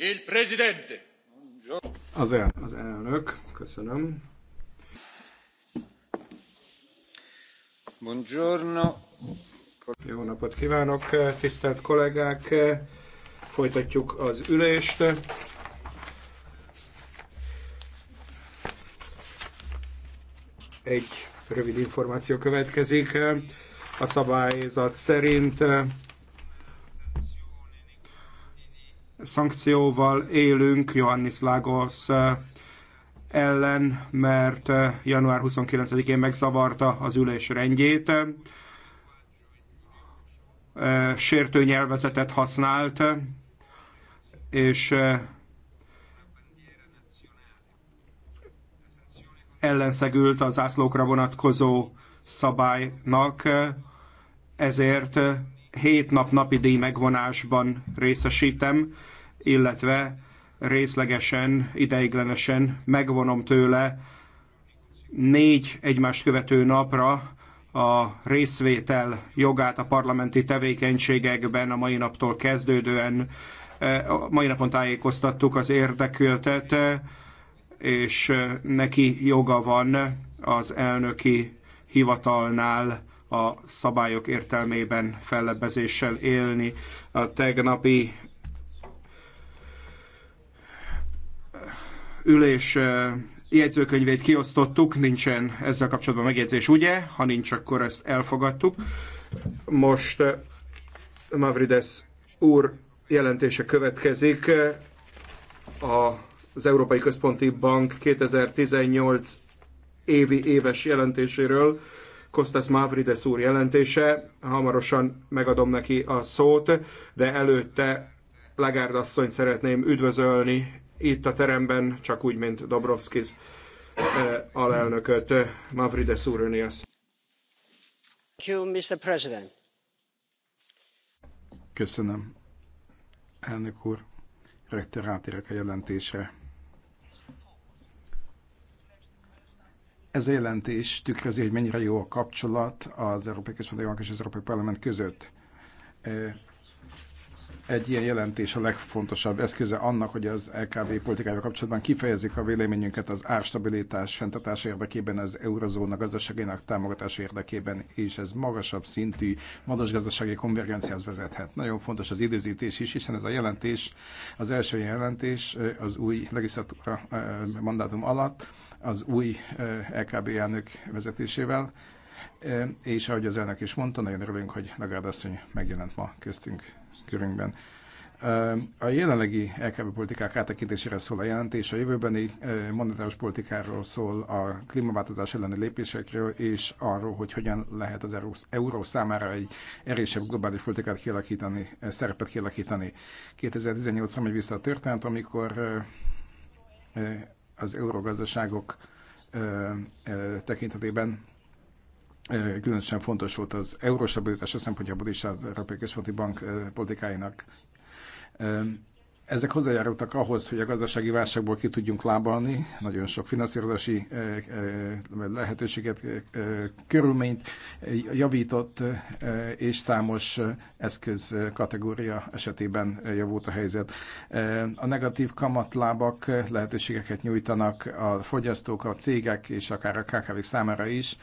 Il presidente. Az, el, az elnök, köszönöm. Buongiorno. Jó napot kívánok, tisztelt kollégák! Folytatjuk az ülést. Egy rövid információ következik. A szabályzat szerint szankcióval élünk Johannis Lagos ellen, mert január 29-én megzavarta az ülés rendjét. Sértő nyelvezetet használt, és ellenszegült az ászlókra vonatkozó szabálynak, ezért hét nap napi díj megvonásban részesítem illetve részlegesen, ideiglenesen megvonom tőle négy egymást követő napra a részvétel jogát a parlamenti tevékenységekben a mai naptól kezdődően. E, mai napon tájékoztattuk az érdekültet, e, és e, neki joga van az elnöki hivatalnál a szabályok értelmében fellebbezéssel élni. A tegnapi ülés jegyzőkönyvét kiosztottuk, nincsen ezzel kapcsolatban megjegyzés, ugye? Ha nincs, akkor ezt elfogadtuk. Most Mavrides úr jelentése következik. Az Európai Központi Bank 2018 évi éves jelentéséről, Kostas Mavrides úr jelentése. Hamarosan megadom neki a szót, de előtte Legárd asszonyt szeretném üdvözölni itt a teremben, csak úgy, mint Dobrovskis eh, alelnököt, Mavrides úr önéhez. Köszönöm, elnök úr. Rektor rátérek a jelentésre. Ez a jelentés tükrözi, hogy mennyire jó a kapcsolat az Európai Központi Bank és az Európai Parlament között eh, egy ilyen jelentés a legfontosabb eszköze annak, hogy az LKB politikája kapcsolatban kifejezik a véleményünket az árstabilitás fenntartása érdekében, az eurozóna gazdaságának támogatása érdekében, és ez magasabb szintű magas gazdasági konvergenciához vezethet. Nagyon fontos az időzítés is, hiszen ez a jelentés, az első jelentés eh, az új legislatúra eh, mandátum alatt, az új eh, LKB elnök vezetésével, és ahogy az elnök is mondta, nagyon örülünk, hogy Lagarde asszony megjelent ma köztünk körünkben. A jelenlegi LKB politikák áttekintésére szól a jelentés, a jövőbeni monetáros politikáról szól, a klímaváltozás elleni lépésekről, és arról, hogy hogyan lehet az euró számára egy erősebb globális politikát kialakítani, szerepet kialakítani. 2018-ra megy vissza a történet, amikor az eurogazdaságok tekintetében különösen fontos volt az a szempontjából is az Európai Központi Bank politikáinak. Ezek hozzájárultak ahhoz, hogy a gazdasági válságból ki tudjunk lábalni, nagyon sok finanszírozási lehetőséget, körülményt javított, és számos eszköz kategória esetében javult a helyzet. A negatív kamatlábak lehetőségeket nyújtanak a fogyasztók, a cégek és akár a KKV számára is,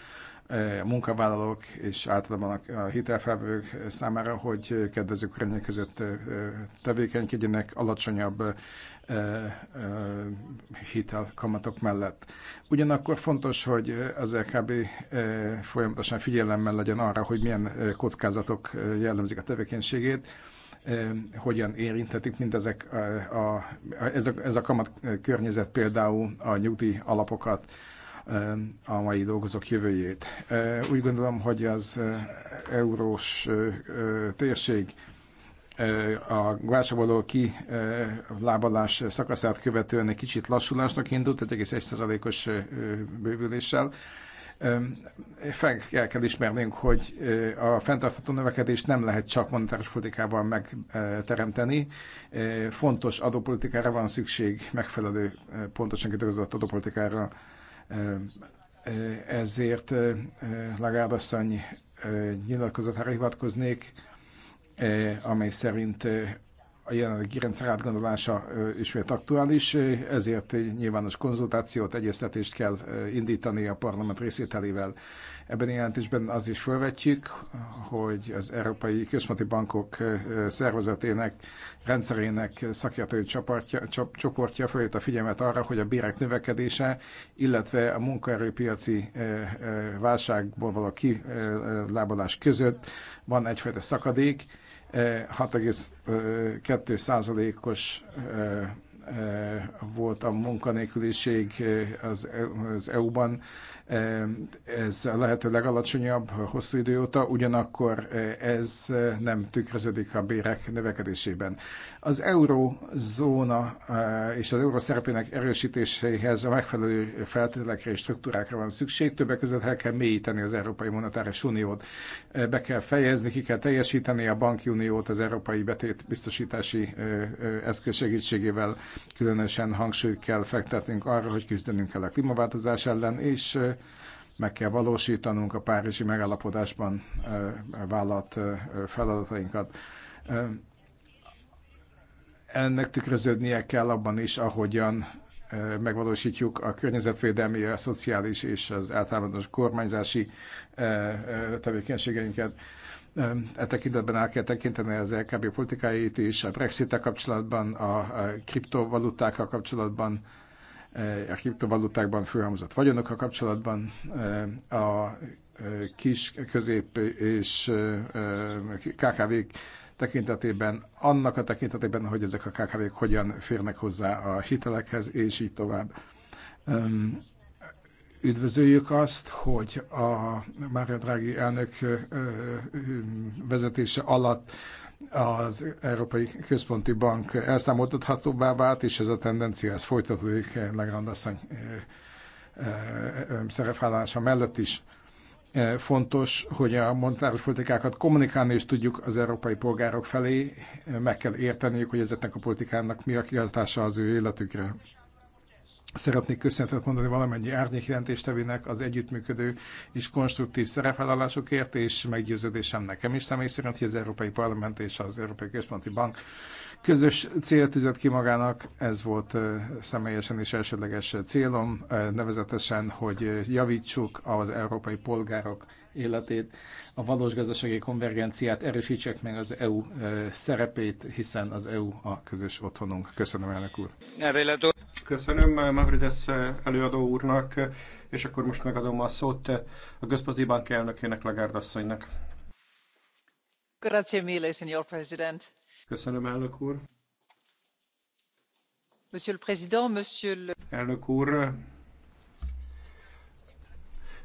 a e, munkavállalók és általában a hitelfelvők számára, hogy kedvező körülmények között e, tevékenykedjenek alacsonyabb e, hitelkamatok mellett. Ugyanakkor fontos, hogy az LKB folyamatosan figyelemmel legyen arra, hogy milyen kockázatok jellemzik a tevékenységét, hogyan érintetik mindezek a, a, ez, a, ez a kamat környezet például a nyugdíj alapokat, a mai dolgozók jövőjét. Úgy gondolom, hogy az eurós térség a válságból ki lábalás szakaszát követően egy kicsit lassulásnak indult, 1,1%-os bővüléssel. Fel kell, kell ismernünk, hogy a fenntartható növekedést nem lehet csak monetáris politikával megteremteni. Fontos adópolitikára van szükség, megfelelő, pontosan kidolgozott adópolitikára ezért Lagarde asszony nyilatkozatára hivatkoznék, amely szerint a jelenlegi rendszer átgondolása ismét aktuális, ezért nyilvános konzultációt, egyeztetést kell indítani a parlament részvételével. Ebben a jelentésben az is felvetjük, hogy az Európai Központi Bankok eh, szervezetének, rendszerének szakértői csoportja, csoportja felhívta a figyelmet arra, hogy a bérek növekedése, illetve a munkaerőpiaci eh, eh, válságból való kilábalás között van egyfajta szakadék, 6,2 százalékos volt a munkanélküliség az EU-ban ez a lehető legalacsonyabb hosszú idő óta, ugyanakkor eh, ez eh, nem tükröződik a bérek növekedésében. Az eurózóna eh, és az euró szerepének erősítéséhez a megfelelő feltételekre és struktúrákra van szükség. Többek között el kell mélyíteni az Európai Monetáris Uniót, be kell fejezni, ki kell teljesíteni a banki uniót az Európai Betétbiztosítási Eszköz segítségével különösen hangsúlyt kell fektetnünk arra, hogy küzdenünk kell a klímaváltozás ellen, és meg kell valósítanunk a Párizsi megállapodásban vállalt feladatainkat. Ennek tükröződnie kell abban is, ahogyan megvalósítjuk a környezetvédelmi, a szociális és az általános kormányzási tevékenységeinket. E tekintetben el kell tekinteni az LKB politikáit is, a brexit kapcsolatban, a kriptovalutákkal kapcsolatban, Eh, a kriptovalutákban fölhalmozott vagyonokkal kapcsolatban, eh, a eh, kis, közép és kkv tekintetében, annak a tekintetében, hogy ezek a kkv hogyan férnek hozzá a hitelekhez, és így tovább. Üdvözöljük azt, hogy a Mária Drági elnök vezetése alatt az Európai Központi Bank elszámoltathatóbbá vált, és ez a tendencia ez folytatódik Legrand asszony szerepvállása mellett is. Fontos, hogy a monetáros politikákat kommunikálni is tudjuk az európai polgárok felé, meg kell érteniük, hogy ezeknek a politikának mi a kihatása az ő életükre. Szeretnék köszönetet mondani valamennyi árnyékjelentéstevőnek az együttműködő és konstruktív szerepvállalásokért, és meggyőződésem nekem is személy szerint, hogy az Európai Parlament és az Európai Központi Bank Közös cél tűzött ki magának, ez volt személyesen és elsődleges célom, nevezetesen, hogy javítsuk az európai polgárok életét, a valós gazdasági konvergenciát, erősítsek meg az EU szerepét, hiszen az EU a közös otthonunk. Köszönöm, elnök úr. Köszönöm Mavrides előadó úrnak, és akkor most megadom a szót a Központi Bank elnökének, Lagarde asszonynak. Grazie mille, signor President. Köszönöm, elnök úr. Monsieur le Président, Monsieur le... Elnök úr,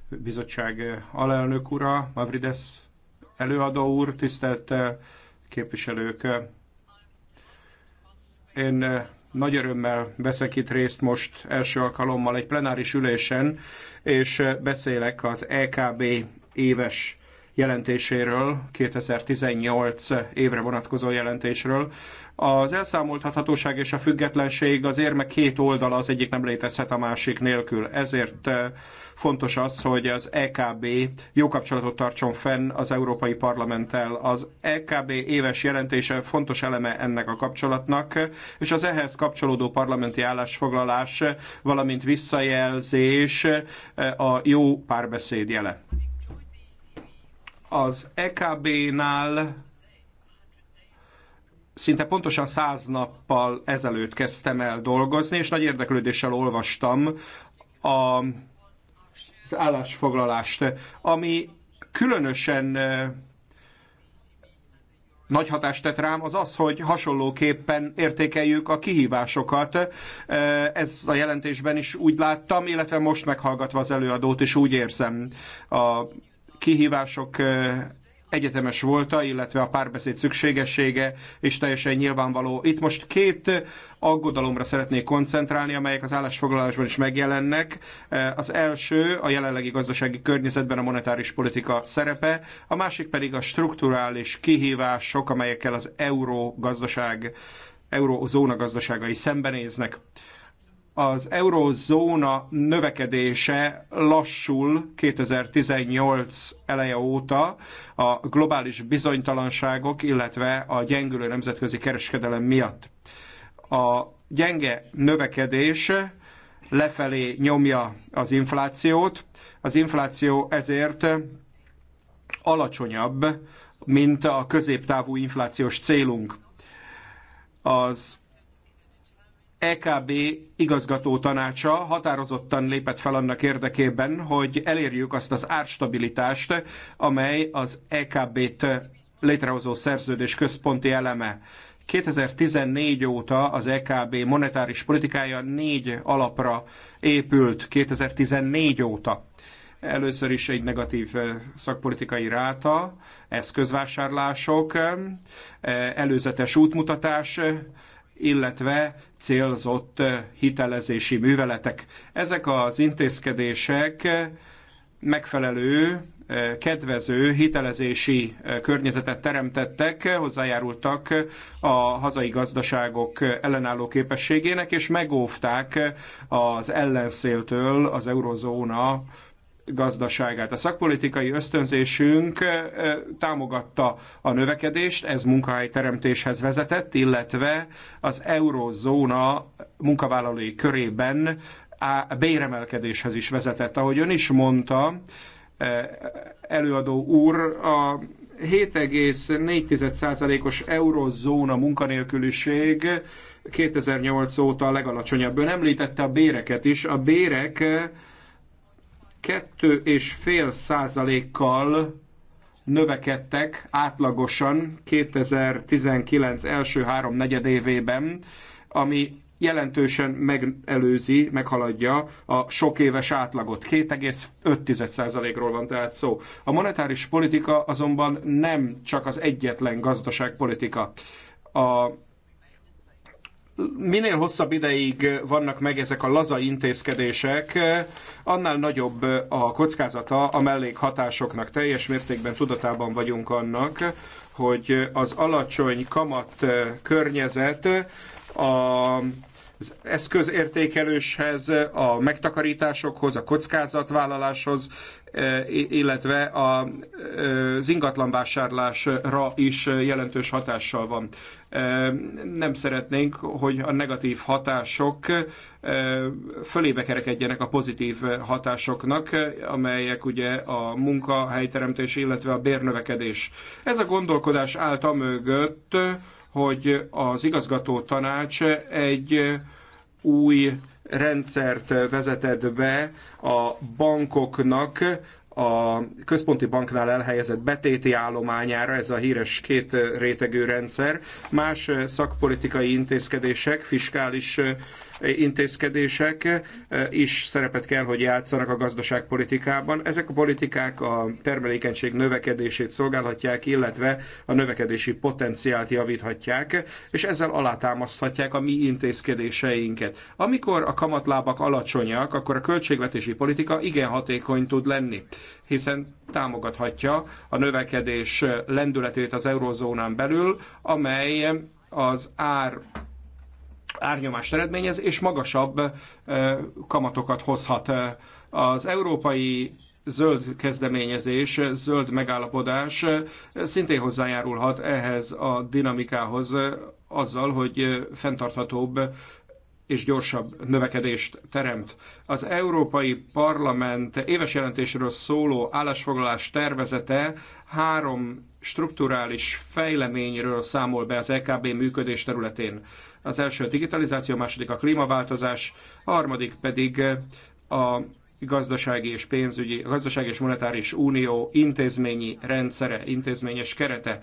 bizottság alelnök ura, Mavrides előadó úr, tisztelt képviselők. Én nagy örömmel veszek itt részt most első alkalommal egy plenáris ülésen, és beszélek az EKB éves jelentéséről, 2018 évre vonatkozó jelentésről. Az elszámoltathatóság és a függetlenség az érme két oldala, az egyik nem létezhet a másik nélkül. Ezért eh, fontos az, hogy az EKB jó kapcsolatot tartson fenn az Európai Parlamenttel. Az EKB éves jelentése fontos eleme ennek a kapcsolatnak, és az ehhez kapcsolódó parlamenti állásfoglalás, valamint visszajelzés eh, a jó párbeszéd jele. Az EKB-nál szinte pontosan száz nappal ezelőtt kezdtem el dolgozni, és nagy érdeklődéssel olvastam a, az állásfoglalást, ami különösen nagy hatást tett rám, az az, hogy hasonlóképpen értékeljük a kihívásokat. Ez a jelentésben is úgy láttam, illetve most meghallgatva az előadót is úgy érzem. A kihívások egyetemes volta, illetve a párbeszéd szükségessége is teljesen nyilvánvaló. Itt most két aggodalomra szeretnék koncentrálni, amelyek az állásfoglalásban is megjelennek. Az első a jelenlegi gazdasági környezetben a monetáris politika szerepe, a másik pedig a strukturális kihívások, amelyekkel az euró gazdaság, eurózóna gazdaságai szembenéznek az eurozóna növekedése lassul 2018 eleje óta a globális bizonytalanságok, illetve a gyengülő nemzetközi kereskedelem miatt. A gyenge növekedés lefelé nyomja az inflációt, az infláció ezért alacsonyabb, mint a középtávú inflációs célunk. Az EKB igazgató tanácsa határozottan lépett fel annak érdekében, hogy elérjük azt az árstabilitást, amely az EKB-t létrehozó szerződés központi eleme. 2014 óta az EKB monetáris politikája négy alapra épült 2014 óta. Először is egy negatív szakpolitikai ráta, eszközvásárlások, előzetes útmutatás, illetve célzott eh, hitelezési műveletek. Ezek az intézkedések eh, megfelelő, eh, kedvező hitelezési környezetet teremtettek, hozzájárultak a hazai gazdaságok ellenálló képességének, és megóvták az ellenszéltől az eurozóna gazdaságát. A szakpolitikai ösztönzésünk támogatta a növekedést, ez munkahelyteremtéshez vezetett, illetve az eurozóna munkavállalói körében a béremelkedéshez is vezetett. Ahogy ön is mondta, előadó úr, a 7,4%-os eurozóna munkanélküliség 2008 óta a legalacsonyabb. Ön említette a béreket is. A bérek 2,5 százalékkal növekedtek átlagosan 2019 első három negyedévében, ami jelentősen megelőzi, meghaladja a sok éves átlagot. 2,5%-ról van tehát szó. A monetáris politika azonban nem csak az egyetlen gazdaságpolitika. A minél hosszabb ideig vannak meg ezek a laza intézkedések, annál nagyobb a kockázata a mellékhatásoknak. Teljes mértékben tudatában vagyunk annak, hogy az alacsony kamat környezet a az eszközértékeléshez, a megtakarításokhoz, a kockázatvállaláshoz, e, illetve e, az ingatlanvásárlásra is jelentős hatással van. E, nem szeretnénk, hogy a negatív hatások fölébe kerekedjenek a pozitív hatásoknak, amelyek ugye a munkahelyteremtés, illetve a bérnövekedés. Ez a gondolkodás állt a mögött, hogy az igazgató tanács egy új rendszert vezetett be a bankoknak, a központi banknál elhelyezett betéti állományára, ez a híres két rétegű rendszer, más szakpolitikai intézkedések, fiskális intézkedések eh, is szerepet kell, hogy játszanak a gazdaságpolitikában. Ezek a politikák a termelékenység növekedését szolgálhatják, illetve a növekedési potenciált javíthatják, és ezzel alátámaszthatják a mi intézkedéseinket. Amikor a kamatlábak alacsonyak, akkor a költségvetési politika igen hatékony tud lenni, hiszen támogathatja a növekedés lendületét az eurozónán belül, amely az ár árnyomást eredményez, és magasabb kamatokat hozhat. Az európai zöld kezdeményezés, zöld megállapodás szintén hozzájárulhat ehhez a dinamikához azzal, hogy fenntarthatóbb és gyorsabb növekedést teremt. Az Európai Parlament éves jelentésről szóló állásfoglalás tervezete három strukturális fejleményről számol be az EKB működés területén. Az első a digitalizáció, a második a klímaváltozás, a harmadik pedig a gazdasági és pénzügyi, a gazdasági és monetáris unió intézményi rendszere, intézményes kerete.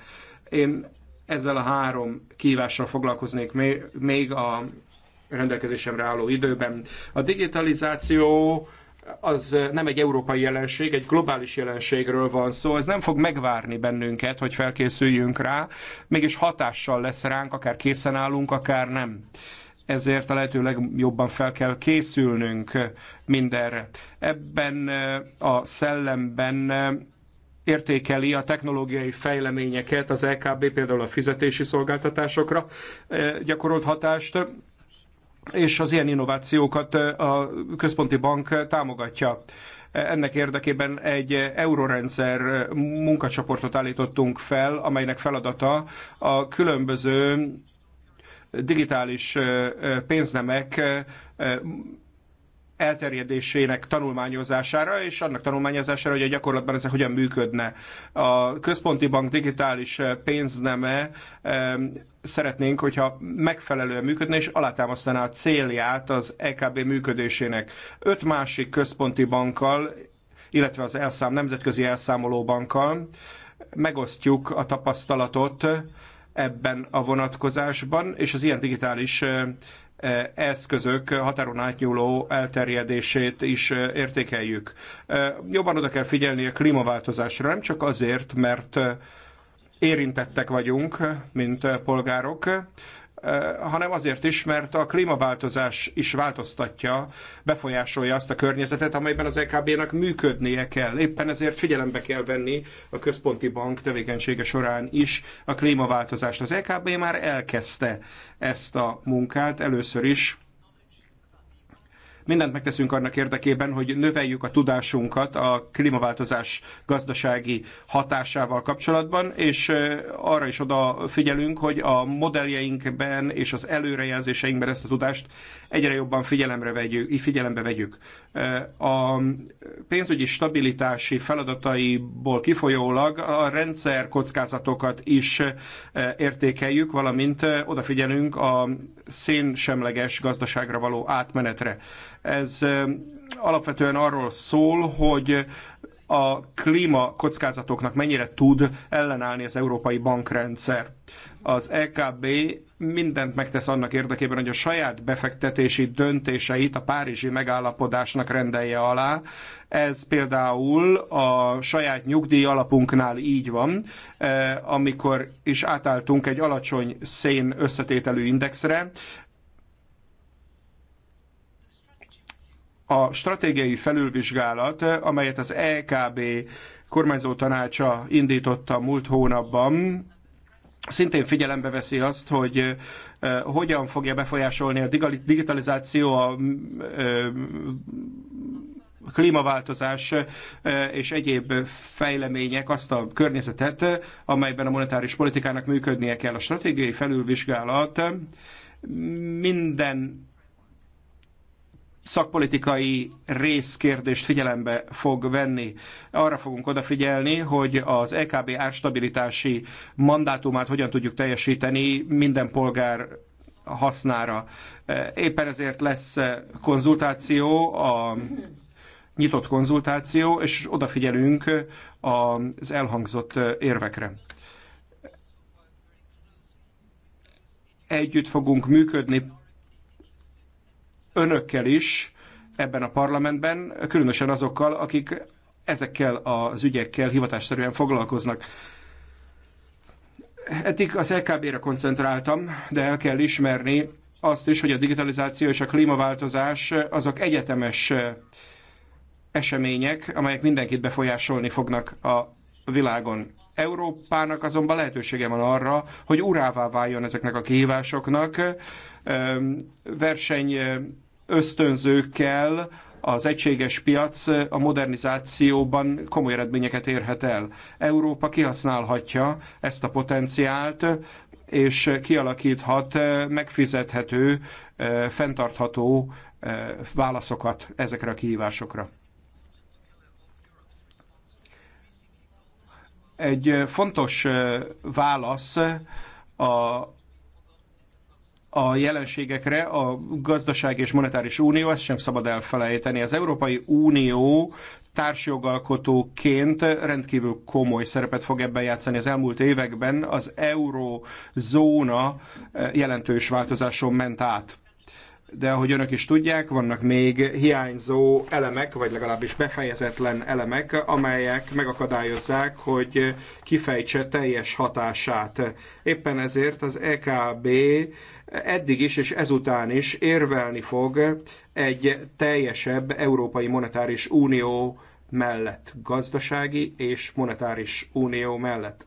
Én ezzel a három kívással foglalkoznék még a rendelkezésemre álló időben. A digitalizáció az nem egy európai jelenség, egy globális jelenségről van szó, ez nem fog megvárni bennünket, hogy felkészüljünk rá, mégis hatással lesz ránk, akár készen állunk, akár nem. Ezért a lehető legjobban fel kell készülnünk mindenre. Ebben eh, a szellemben eh, értékeli a technológiai fejleményeket, az LKB például a fizetési szolgáltatásokra eh, gyakorolt hatást, és az ilyen innovációkat a központi bank támogatja. Ennek érdekében egy eurorendszer munkacsoportot állítottunk fel, amelynek feladata a különböző digitális pénznemek elterjedésének tanulmányozására, és annak tanulmányozására, hogy a gyakorlatban ezek hogyan működne. A központi bank digitális pénzneme szeretnénk, hogyha megfelelően működne, és alátámasztaná a célját az EKB működésének. Öt másik központi bankkal, illetve az elszám, nemzetközi elszámoló bankkal megosztjuk a tapasztalatot, ebben a vonatkozásban, és az ilyen digitális E, eszközök határon átnyúló elterjedését is e, értékeljük. E, jobban oda kell figyelni a klímaváltozásra, nem csak azért, mert érintettek vagyunk, mint polgárok, Eh, hanem azért is, mert a klímaváltozás is változtatja, befolyásolja azt a környezetet, amelyben az EKB-nak működnie kell. Éppen ezért figyelembe kell venni a központi bank tevékenysége során is a klímaváltozást. Az EKB már elkezdte ezt a munkát először is Mindent megteszünk annak érdekében, hogy növeljük a tudásunkat a klímaváltozás gazdasági hatásával kapcsolatban, és arra is odafigyelünk, hogy a modelljeinkben és az előrejelzéseinkben ezt a tudást egyre jobban figyelemre vegyük, figyelembe vegyük. A pénzügyi stabilitási feladataiból kifolyólag a rendszer kockázatokat is értékeljük, valamint odafigyelünk a szénsemleges gazdaságra való átmenetre. Ez alapvetően arról szól, hogy a klíma kockázatoknak mennyire tud ellenállni az európai bankrendszer. Az EKB mindent megtesz annak érdekében, hogy a saját befektetési döntéseit a párizsi megállapodásnak rendelje alá. Ez például a saját nyugdíj alapunknál így van, eh, amikor is átálltunk egy alacsony szén összetételű indexre, a stratégiai felülvizsgálat, amelyet az EKB kormányzó tanácsa indította múlt hónapban, szintén figyelembe veszi azt, hogy hogyan fogja befolyásolni a digitalizáció a klímaváltozás és egyéb fejlemények azt a környezetet, amelyben a monetáris politikának működnie kell. A stratégiai felülvizsgálat minden szakpolitikai részkérdést figyelembe fog venni. Arra fogunk odafigyelni, hogy az EKB árstabilitási mandátumát hogyan tudjuk teljesíteni minden polgár hasznára. Éppen ezért lesz konzultáció, a nyitott konzultáció, és odafigyelünk az elhangzott érvekre. Együtt fogunk működni önökkel is ebben a parlamentben, különösen azokkal, akik ezekkel az ügyekkel hivatásszerűen foglalkoznak. Eddig az LKB-re koncentráltam, de el kell ismerni azt is, hogy a digitalizáció és a klímaváltozás azok egyetemes események, amelyek mindenkit befolyásolni fognak a világon. Európának azonban lehetősége van arra, hogy urává váljon ezeknek a kihívásoknak, verseny ösztönzőkkel az egységes piac a modernizációban komoly eredményeket érhet el. Európa kihasználhatja ezt a potenciált, és kialakíthat megfizethető, eh, fenntartható eh, válaszokat ezekre a kihívásokra. Egy eh, fontos válasz a a jelenségekre a gazdaság és monetáris unió, ezt sem szabad elfelejteni. Az Európai Unió társjogalkotóként rendkívül komoly szerepet fog ebben játszani. Az elmúlt években az eurozóna eh, jelentős változáson ment át de ahogy önök is tudják, vannak még hiányzó elemek, vagy legalábbis befejezetlen elemek, amelyek megakadályozzák, hogy kifejtse teljes hatását. Éppen ezért az EKB eddig is és ezután is érvelni fog egy teljesebb Európai Monetáris Unió mellett, gazdasági és monetáris unió mellett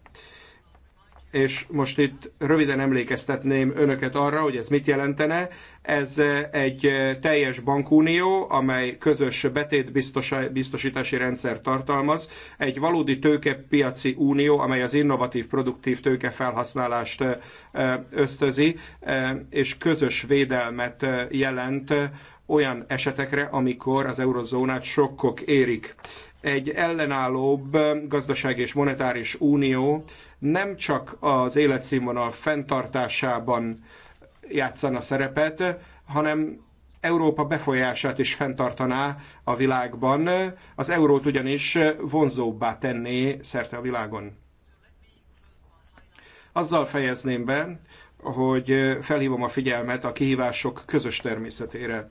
és most itt röviden emlékeztetném önöket arra, hogy ez mit jelentene. Ez egy teljes bankunió, amely közös betétbiztosítási rendszer tartalmaz, egy valódi tőkepiaci unió, amely az innovatív, produktív tőke felhasználást ösztözi, és közös védelmet jelent olyan esetekre, amikor az eurozónát sokkok érik egy ellenállóbb gazdaság és monetáris unió nem csak az életszínvonal fenntartásában játszana szerepet, hanem Európa befolyását is fenntartaná a világban, az eurót ugyanis vonzóbbá tenné szerte a világon. Azzal fejezném be, hogy felhívom a figyelmet a kihívások közös természetére.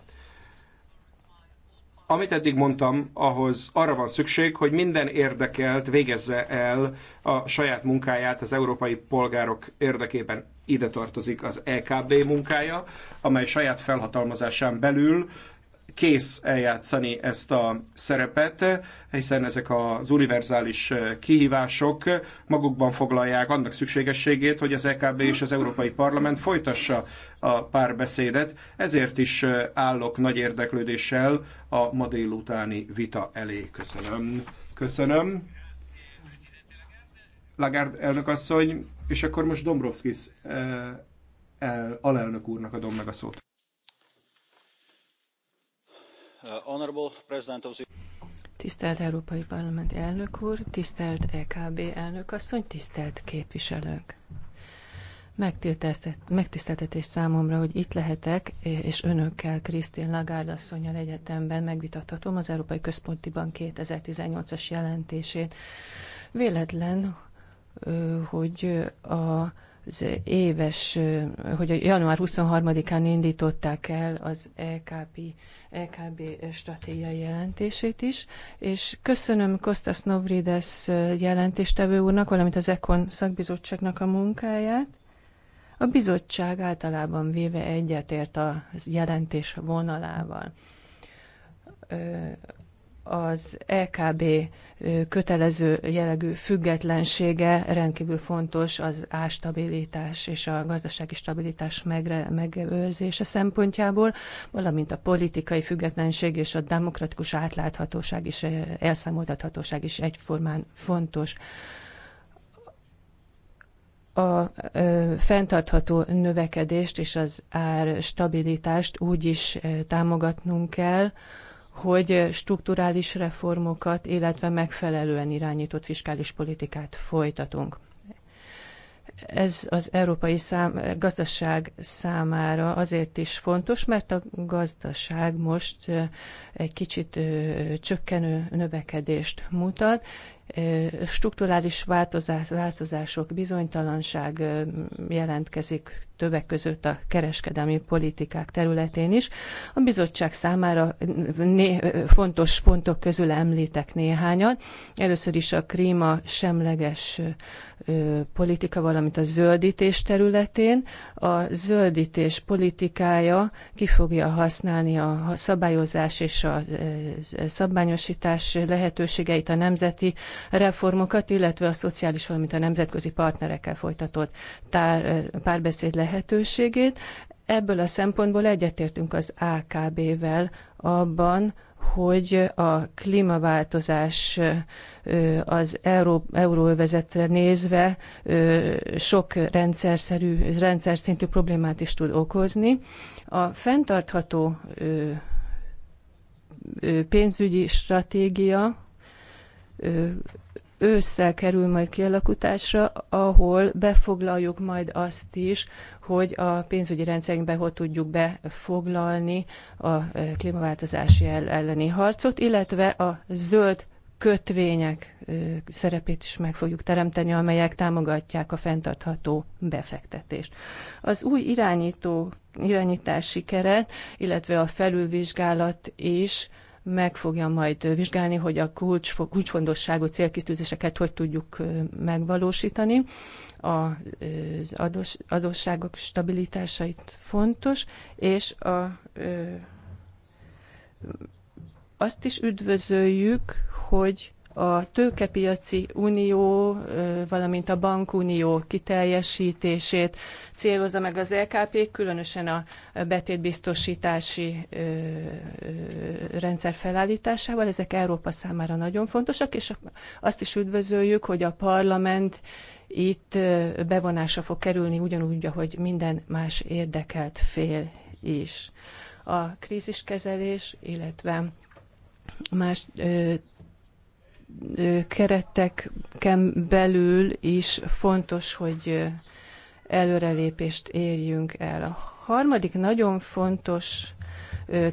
Amit eddig mondtam, ahhoz arra van szükség, hogy minden érdekelt végezze el a saját munkáját az európai polgárok érdekében. Ide tartozik az EKB munkája, amely saját felhatalmazásán belül kész eljátszani ezt a szerepet, hiszen ezek az univerzális eh, kihívások magukban foglalják annak szükségességét, hogy az EKB és az Európai Parlament folytassa a párbeszédet, ezért is eh, állok nagy érdeklődéssel a ma délutáni vita elé. Köszönöm. Köszönöm. Lagarde asszony, és akkor most Dombrovskis eh, alelnök úrnak adom meg a szót. Uh, tisztelt Európai Parlament elnök úr, tisztelt EKB elnök asszony, tisztelt képviselők! Megtiszteltetés számomra, hogy itt lehetek, és önökkel, Krisztin Lagarde asszonyal egyetemben megvitathatom az Európai Központi Bank 2018-as jelentését. Véletlen, hogy a az éves, hogy január 23-án indították el az EKP EKB stratégiai jelentését is, és köszönöm Kostas Novrides jelentéstevő úrnak, valamint az EKON szakbizottságnak a munkáját. A bizottság általában véve egyetért a jelentés vonalával az EKB kötelező jellegű függetlensége rendkívül fontos az ástabilitás és a gazdasági stabilitás megre, megőrzése szempontjából, valamint a politikai függetlenség és a demokratikus átláthatóság is, elszámoltathatóság is egyformán fontos a ö, fenntartható növekedést és az árstabilitást úgy is ö, támogatnunk kell, hogy strukturális reformokat, illetve megfelelően irányított fiskális politikát folytatunk. Ez az európai szám, gazdaság számára azért is fontos, mert a gazdaság most eh, egy kicsit eh, csökkenő növekedést mutat, strukturális változás, változások, bizonytalanság jelentkezik többek között a kereskedelmi politikák területén is. A bizottság számára fontos pontok közül említek néhányat. Először is a klíma semleges politika, valamint a zöldítés területén. A zöldítés politikája ki fogja használni a szabályozás és a szabványosítás lehetőségeit, a nemzeti reformokat, illetve a szociális, valamint a nemzetközi partnerekkel folytatott tár, párbeszéd lehetőségét. Ebből a szempontból egyetértünk az AKB-vel abban, hogy a klímaváltozás az euróövezetre nézve sok rendszerszerű, rendszer szintű problémát is tud okozni. A fenntartható pénzügyi stratégia ősszel kerül majd kialakításra, ahol befoglaljuk majd azt is, hogy a pénzügyi rendszerünkbe hogy tudjuk befoglalni a e, klímaváltozási elleni harcot, illetve a zöld kötvények e, szerepét is meg fogjuk teremteni, amelyek támogatják a fenntartható befektetést. Az új irányító, irányítási keret, illetve a felülvizsgálat is meg fogja majd vizsgálni, hogy a kulcs, kulcsfontosságú célkisztűzéseket hogy tudjuk megvalósítani. Az adós, adósságok stabilitásait fontos, és a, azt is üdvözöljük, hogy a tőkepiaci unió, valamint a bankunió kiteljesítését célozza meg az LKP, különösen a betétbiztosítási rendszer felállításával. Ezek Európa számára nagyon fontosak, és azt is üdvözöljük, hogy a parlament itt bevonása fog kerülni ugyanúgy, ahogy minden más érdekelt fél is. A kríziskezelés, illetve más kereteken belül is fontos, hogy előrelépést érjünk el. A harmadik nagyon fontos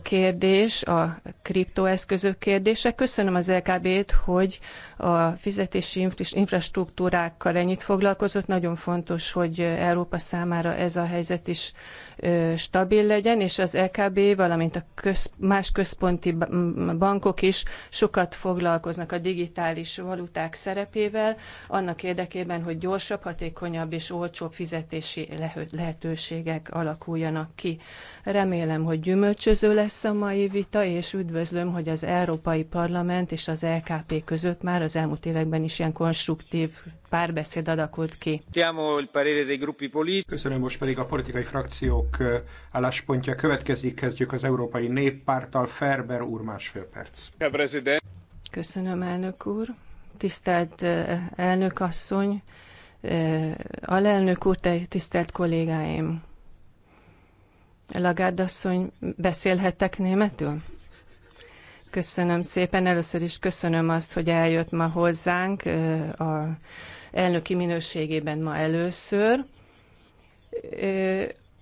kérdés, a kriptoeszközök kérdése. Köszönöm az LKB-t, hogy a fizetési infrastruktúrákkal ennyit foglalkozott. Nagyon fontos, hogy Európa számára ez a helyzet is stabil legyen, és az LKB, valamint a köz, más központi bankok is sokat foglalkoznak a digitális valuták szerepével, annak érdekében, hogy gyorsabb, hatékonyabb és olcsóbb fizetési lehetőségek alakuljanak ki. Remélem, hogy gyümölcsöző Gyümölcsöző lesz a mai vita, és üdvözlöm, hogy az Európai Parlament és az LKP között már az elmúlt években is ilyen konstruktív párbeszéd alakult ki. Köszönöm, most pedig a politikai frakciók eh, álláspontja következik. Kezdjük az Európai Néppárttal. Ferber úr, másfél perc. Köszönöm, elnök úr. Tisztelt eh, elnök asszony, eh, alelnök úr, tisztelt kollégáim. Lagarde asszony, beszélhettek németül? Köszönöm szépen. Először is köszönöm azt, hogy eljött ma hozzánk a elnöki minőségében ma először.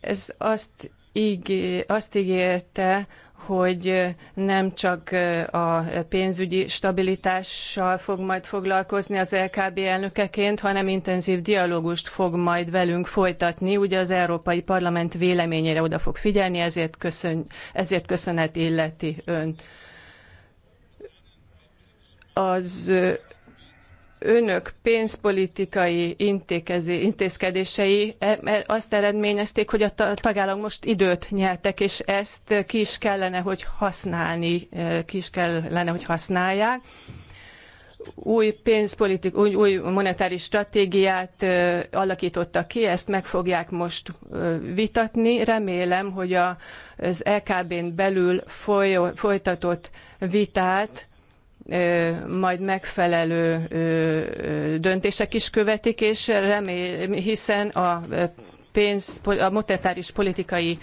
Ez azt, ígé, azt ígérte, hogy nem csak a pénzügyi stabilitással fog majd foglalkozni az LKB elnökeként, hanem intenzív dialógust fog majd velünk folytatni. Ugye az Európai Parlament véleményére oda fog figyelni, ezért, köszön, ezért köszönet illeti önt. Az önök pénzpolitikai intézkedései e, e, azt eredményezték, hogy a tagállamok most időt nyertek, és ezt ki is kellene, hogy használni, e, ki is kellene, hogy használják új pénzpolitik, új, új monetáris stratégiát alakítottak ki, ezt meg fogják most vitatni. Remélem, hogy a, az ekb n belül folytatott vitát majd megfelelő döntések is követik, és remélem hiszen a pénz, a monetáris politikai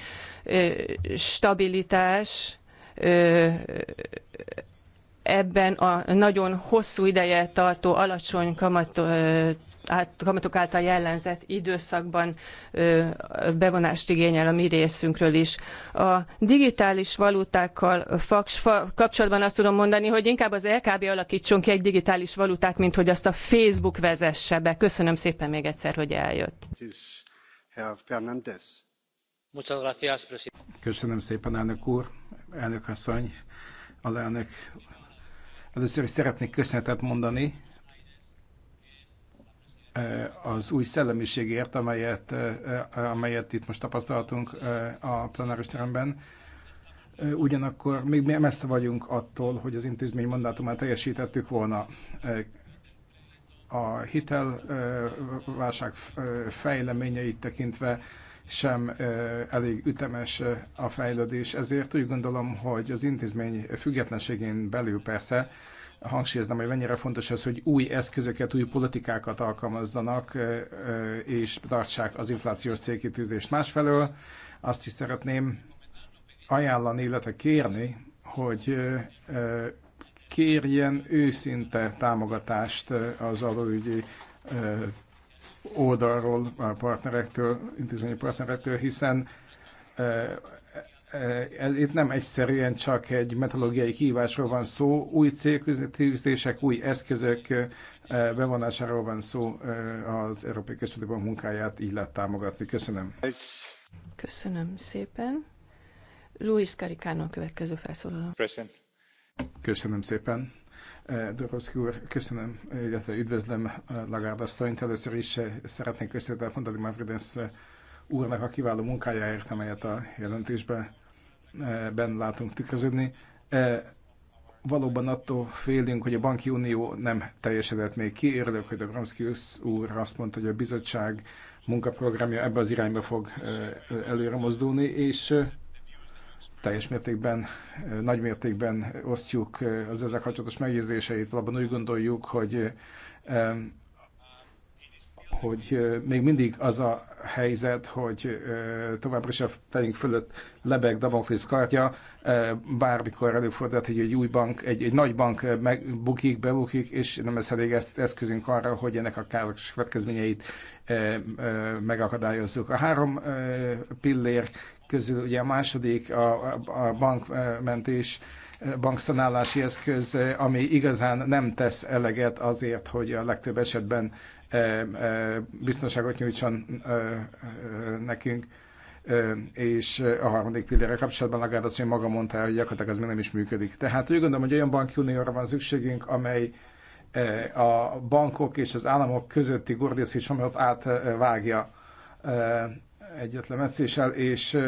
stabilitás ebben a nagyon hosszú ideje tartó alacsony kamat át, kamatok által jellemzett időszakban ö, bevonást igényel a mi részünkről is. A digitális valutákkal faks, fa, kapcsolatban azt tudom mondani, hogy inkább az LKB alakítson ki egy digitális valutát, mint hogy azt a Facebook vezesse be. Köszönöm szépen még egyszer, hogy eljött. Köszönöm szépen, elnök úr, elnök asszony, alelnök. Először is szeretnék köszönetet mondani Eh, az új szellemiségért, amelyet, eh, eh, amelyet itt most tapasztalhatunk a plenáris teremben. Ugyanakkor még messze vagyunk attól, hogy az intézmény mandátumát teljesítettük volna. A hitelválság fejleményeit tekintve sem elég ütemes a fejlődés, ezért úgy gondolom, hogy az intézmény függetlenségén belül persze hangsúlyoznám, hogy mennyire fontos az, hogy új eszközöket, új politikákat alkalmazzanak és tartsák az inflációs célkitűzést. Másfelől azt is szeretném ajánlani, illetve kérni, hogy kérjen őszinte támogatást az adóügyi oldalról, a partnerektől, intézményi partnerektől, hiszen Eh, itt nem egyszerűen csak egy metodológiai kihívásról van szó, új célküzdések, új eszközök eh, bevonásáról van szó eh, az Európai Központi Bank munkáját, így lehet támogatni. Köszönöm. Köszönöm szépen. Luis Caricano következő felszólaló. Köszönöm szépen. Dorovszki úr, köszönöm, illetve üdvözlöm Lagarde asszonyt. Először is szeretnék köszönetet mondani Mavrides úrnak a kiváló munkájáért, amelyet a jelentésben ben látunk tükröződni. E, valóban attól félünk, hogy a banki unió nem teljesedett még ki. Érdek, hogy a Gramsci úr azt mondta, hogy a bizottság munkaprogramja ebbe az irányba fog e, előre mozdulni, és e, teljes mértékben, nagy mértékben osztjuk az ezzel kapcsolatos megjegyzéseit. Valóban úgy gondoljuk, hogy hogy még mindig az a helyzet, hogy továbbra is a fejünk fölött lebeg Damoklész kartja, bármikor előfordulhat, hogy egy új bank, egy, egy nagy bank megbukik, bebukik, és nem lesz elég ezt, eszközünk arra, hogy ennek a káros következményeit megakadályozzuk. A három pillér közül ugye a második a, a bankmentés, bankszanálási eszköz, ami igazán nem tesz eleget azért, hogy a legtöbb esetben biztonságot nyújtson nekünk. És a harmadik pillére kapcsolatban Lagarde azt maga mondta, hogy gyakorlatilag ez még nem is működik. Tehát úgy gondolom, hogy olyan unióra van szükségünk, amely a bankok és az államok közötti gordiuszi csomagot átvágja egyetlen meccéssel, és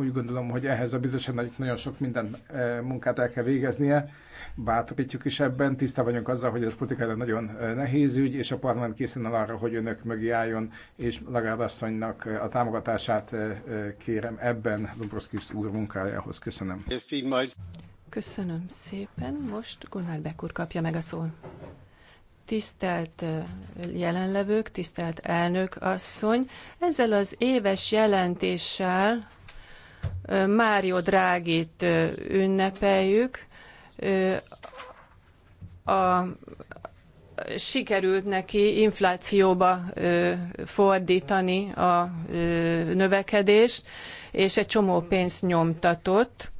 úgy gondolom, hogy ehhez a bizottságnak nagyon sok minden e, munkát el kell végeznie. Bátorítjuk is ebben, tiszta vagyunk azzal, hogy ez politikailag nagyon e, nehéz ügy, és a parlament készen áll arra, hogy önök mögé álljon, és Lagarde asszonynak e, a támogatását kérem ebben Dombrovskis úr munkájához. Köszönöm. Köszönöm szépen. Most Gunnar Beck úr kapja meg a szót. Tisztelt jelenlevők, tisztelt elnök asszony, ezzel az éves jelentéssel Mário Drágit ünnepeljük. A, sikerült neki inflációba fordítani a növekedést, és egy csomó pénzt nyomtatott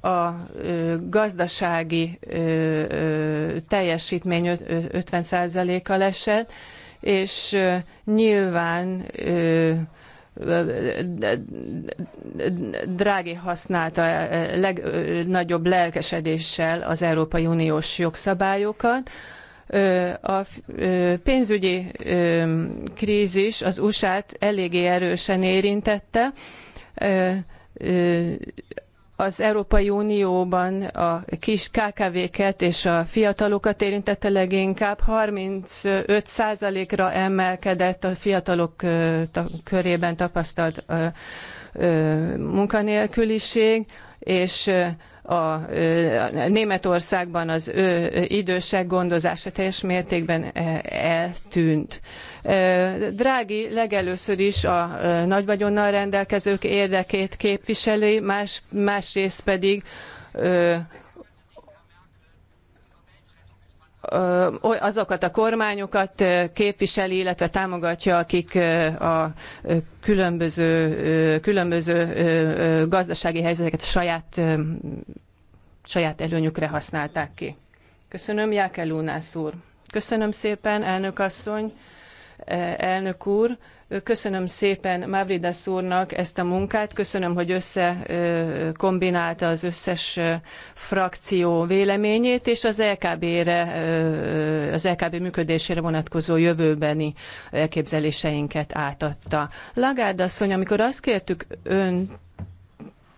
a gazdasági teljesítmény 50%-kal esett, és nyilván Drági használta legnagyobb lelkesedéssel az Európai Uniós jogszabályokat. A pénzügyi krízis az USA-t eléggé erősen érintette az Európai Unióban a kis KKV-ket és a fiatalokat érintette leginkább. 35%-ra emelkedett a fiatalok körében tapasztalt munkanélküliség, és a Németországban az ő idősek gondozása teljes mértékben eltűnt. Drági legelőször is a nagy vagyonnal rendelkezők érdekét képviseli, más, másrészt pedig azokat a kormányokat képviseli, illetve támogatja, akik a különböző, különböző gazdasági helyzeteket saját, saját előnyükre használták ki. Köszönöm, Jákel Lúnász úr. Köszönöm szépen, elnök asszony, elnök úr. Köszönöm szépen Mavridas úrnak ezt a munkát, köszönöm, hogy összekombinálta az összes frakció véleményét, és az LKB-re, az LKB működésére vonatkozó jövőbeni elképzeléseinket átadta. Lagarde asszony, amikor azt kértük önt,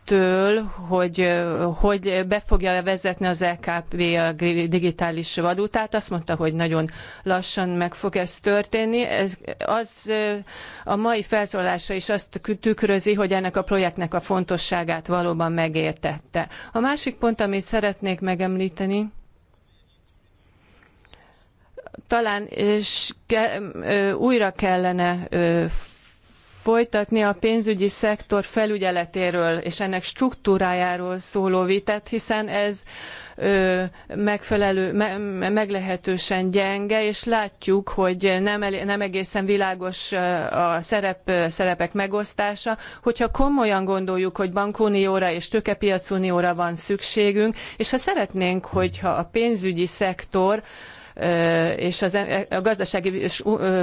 től, hogy hogy be fogja vezetni az LKP a digitális valutát. Azt mondta, hogy nagyon lassan meg fog ez történni. Ez, az a mai felszólása is azt tükrözi, hogy ennek a projektnek a fontosságát valóban megértette. A másik pont, amit szeretnék megemlíteni, talán és újra kellene folytatni a pénzügyi szektor felügyeletéről és ennek struktúrájáról szóló vitát, hiszen ez ö, megfelelő, me, meglehetősen gyenge, és látjuk, hogy nem, nem egészen világos a szerep, szerepek megosztása. Hogyha komolyan gondoljuk, hogy bankunióra és tőkepiacunióra van szükségünk, és ha szeretnénk, hogyha a pénzügyi szektor, és az, a gazdasági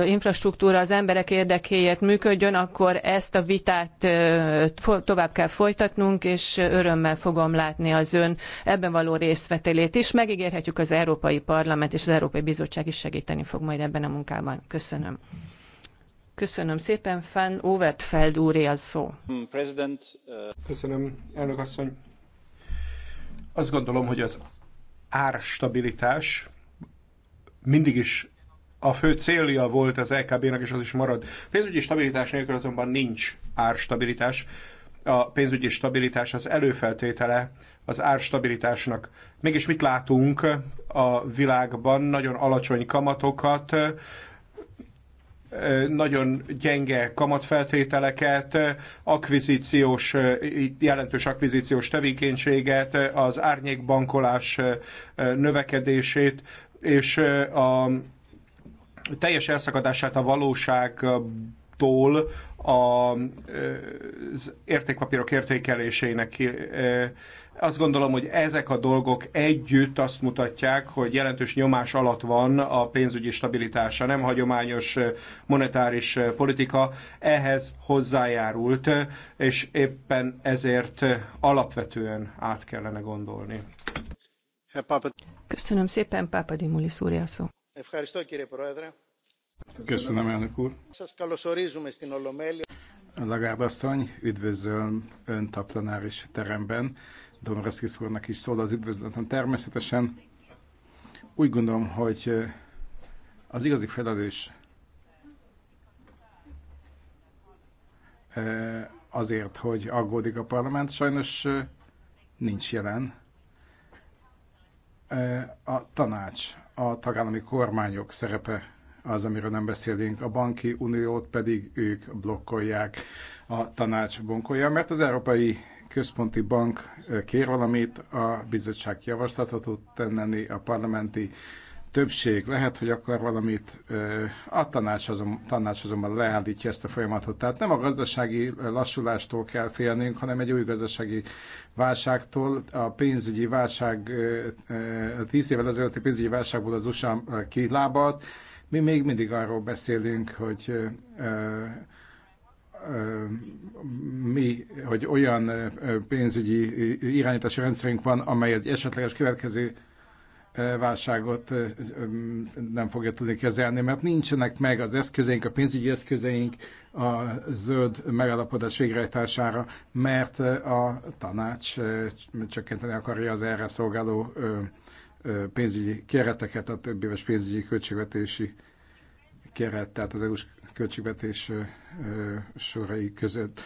infrastruktúra az emberek érdekéért működjön, akkor ezt a vitát tovább kell folytatnunk, és örömmel fogom látni az ön ebben való részvetelét is. Megígérhetjük az Európai Parlament és az Európai Bizottság is segíteni fog majd ebben a munkában. Köszönöm. Köszönöm szépen, Fan Overtfeld úré az szó. Köszönöm, elnök asszony. Azt gondolom, hogy az árstabilitás mindig is a fő célja volt az LKB-nak, e és az is marad. Pénzügyi stabilitás nélkül azonban nincs árstabilitás. A pénzügyi stabilitás az előfeltétele az árstabilitásnak. Mégis mit látunk a világban? Nagyon alacsony kamatokat, nagyon gyenge kamatfeltételeket, akvizíciós, jelentős akvizíciós tevékenységet, az árnyékbankolás növekedését, és a teljes elszakadását a valóságtól az értékpapírok értékelésének azt gondolom, hogy ezek a dolgok együtt azt mutatják, hogy jelentős nyomás alatt van a pénzügyi stabilitása, nem hagyományos monetáris politika ehhez hozzájárult, és éppen ezért alapvetően át kellene gondolni. Köszönöm szépen, pápa úr, a Köszönöm, elnök úr. Lagárdasszony, üdvözlöm Önt a plenáris teremben. Domrovszkis úrnak is szól az üdvözletem természetesen. Úgy gondolom, hogy eh, az igazi felelős eh, azért, hogy aggódik a parlament, sajnos eh, nincs jelen Eh, a tanács, a tagállami kormányok szerepe az, amiről nem beszélünk, a banki uniót pedig ők blokkolják, a tanács bonkolja, mert az Európai Központi Bank eh, kér valamit, a bizottság javaslatot tud tenni, a parlamenti többség lehet, hogy akar valamit, a tanács, azon, tanács azonban leállítja ezt a folyamatot. Tehát nem a gazdasági lassulástól kell félnünk, hanem egy új gazdasági válságtól. A pénzügyi válság, a tíz évvel ezelőtti pénzügyi válságból az USA kilábalt. Mi még mindig arról beszélünk, hogy mi, hogy olyan pénzügyi irányítási rendszerünk van, amely egy esetleges következő válságot nem fogja tudni kezelni, mert nincsenek meg az eszközeink, a pénzügyi eszközeink a zöld megállapodás végrehajtására, mert a tanács csökkenteni akarja az erre szolgáló pénzügyi kereteket, a több éves pénzügyi költségvetési keret, tehát az EU-s költségvetés sorai között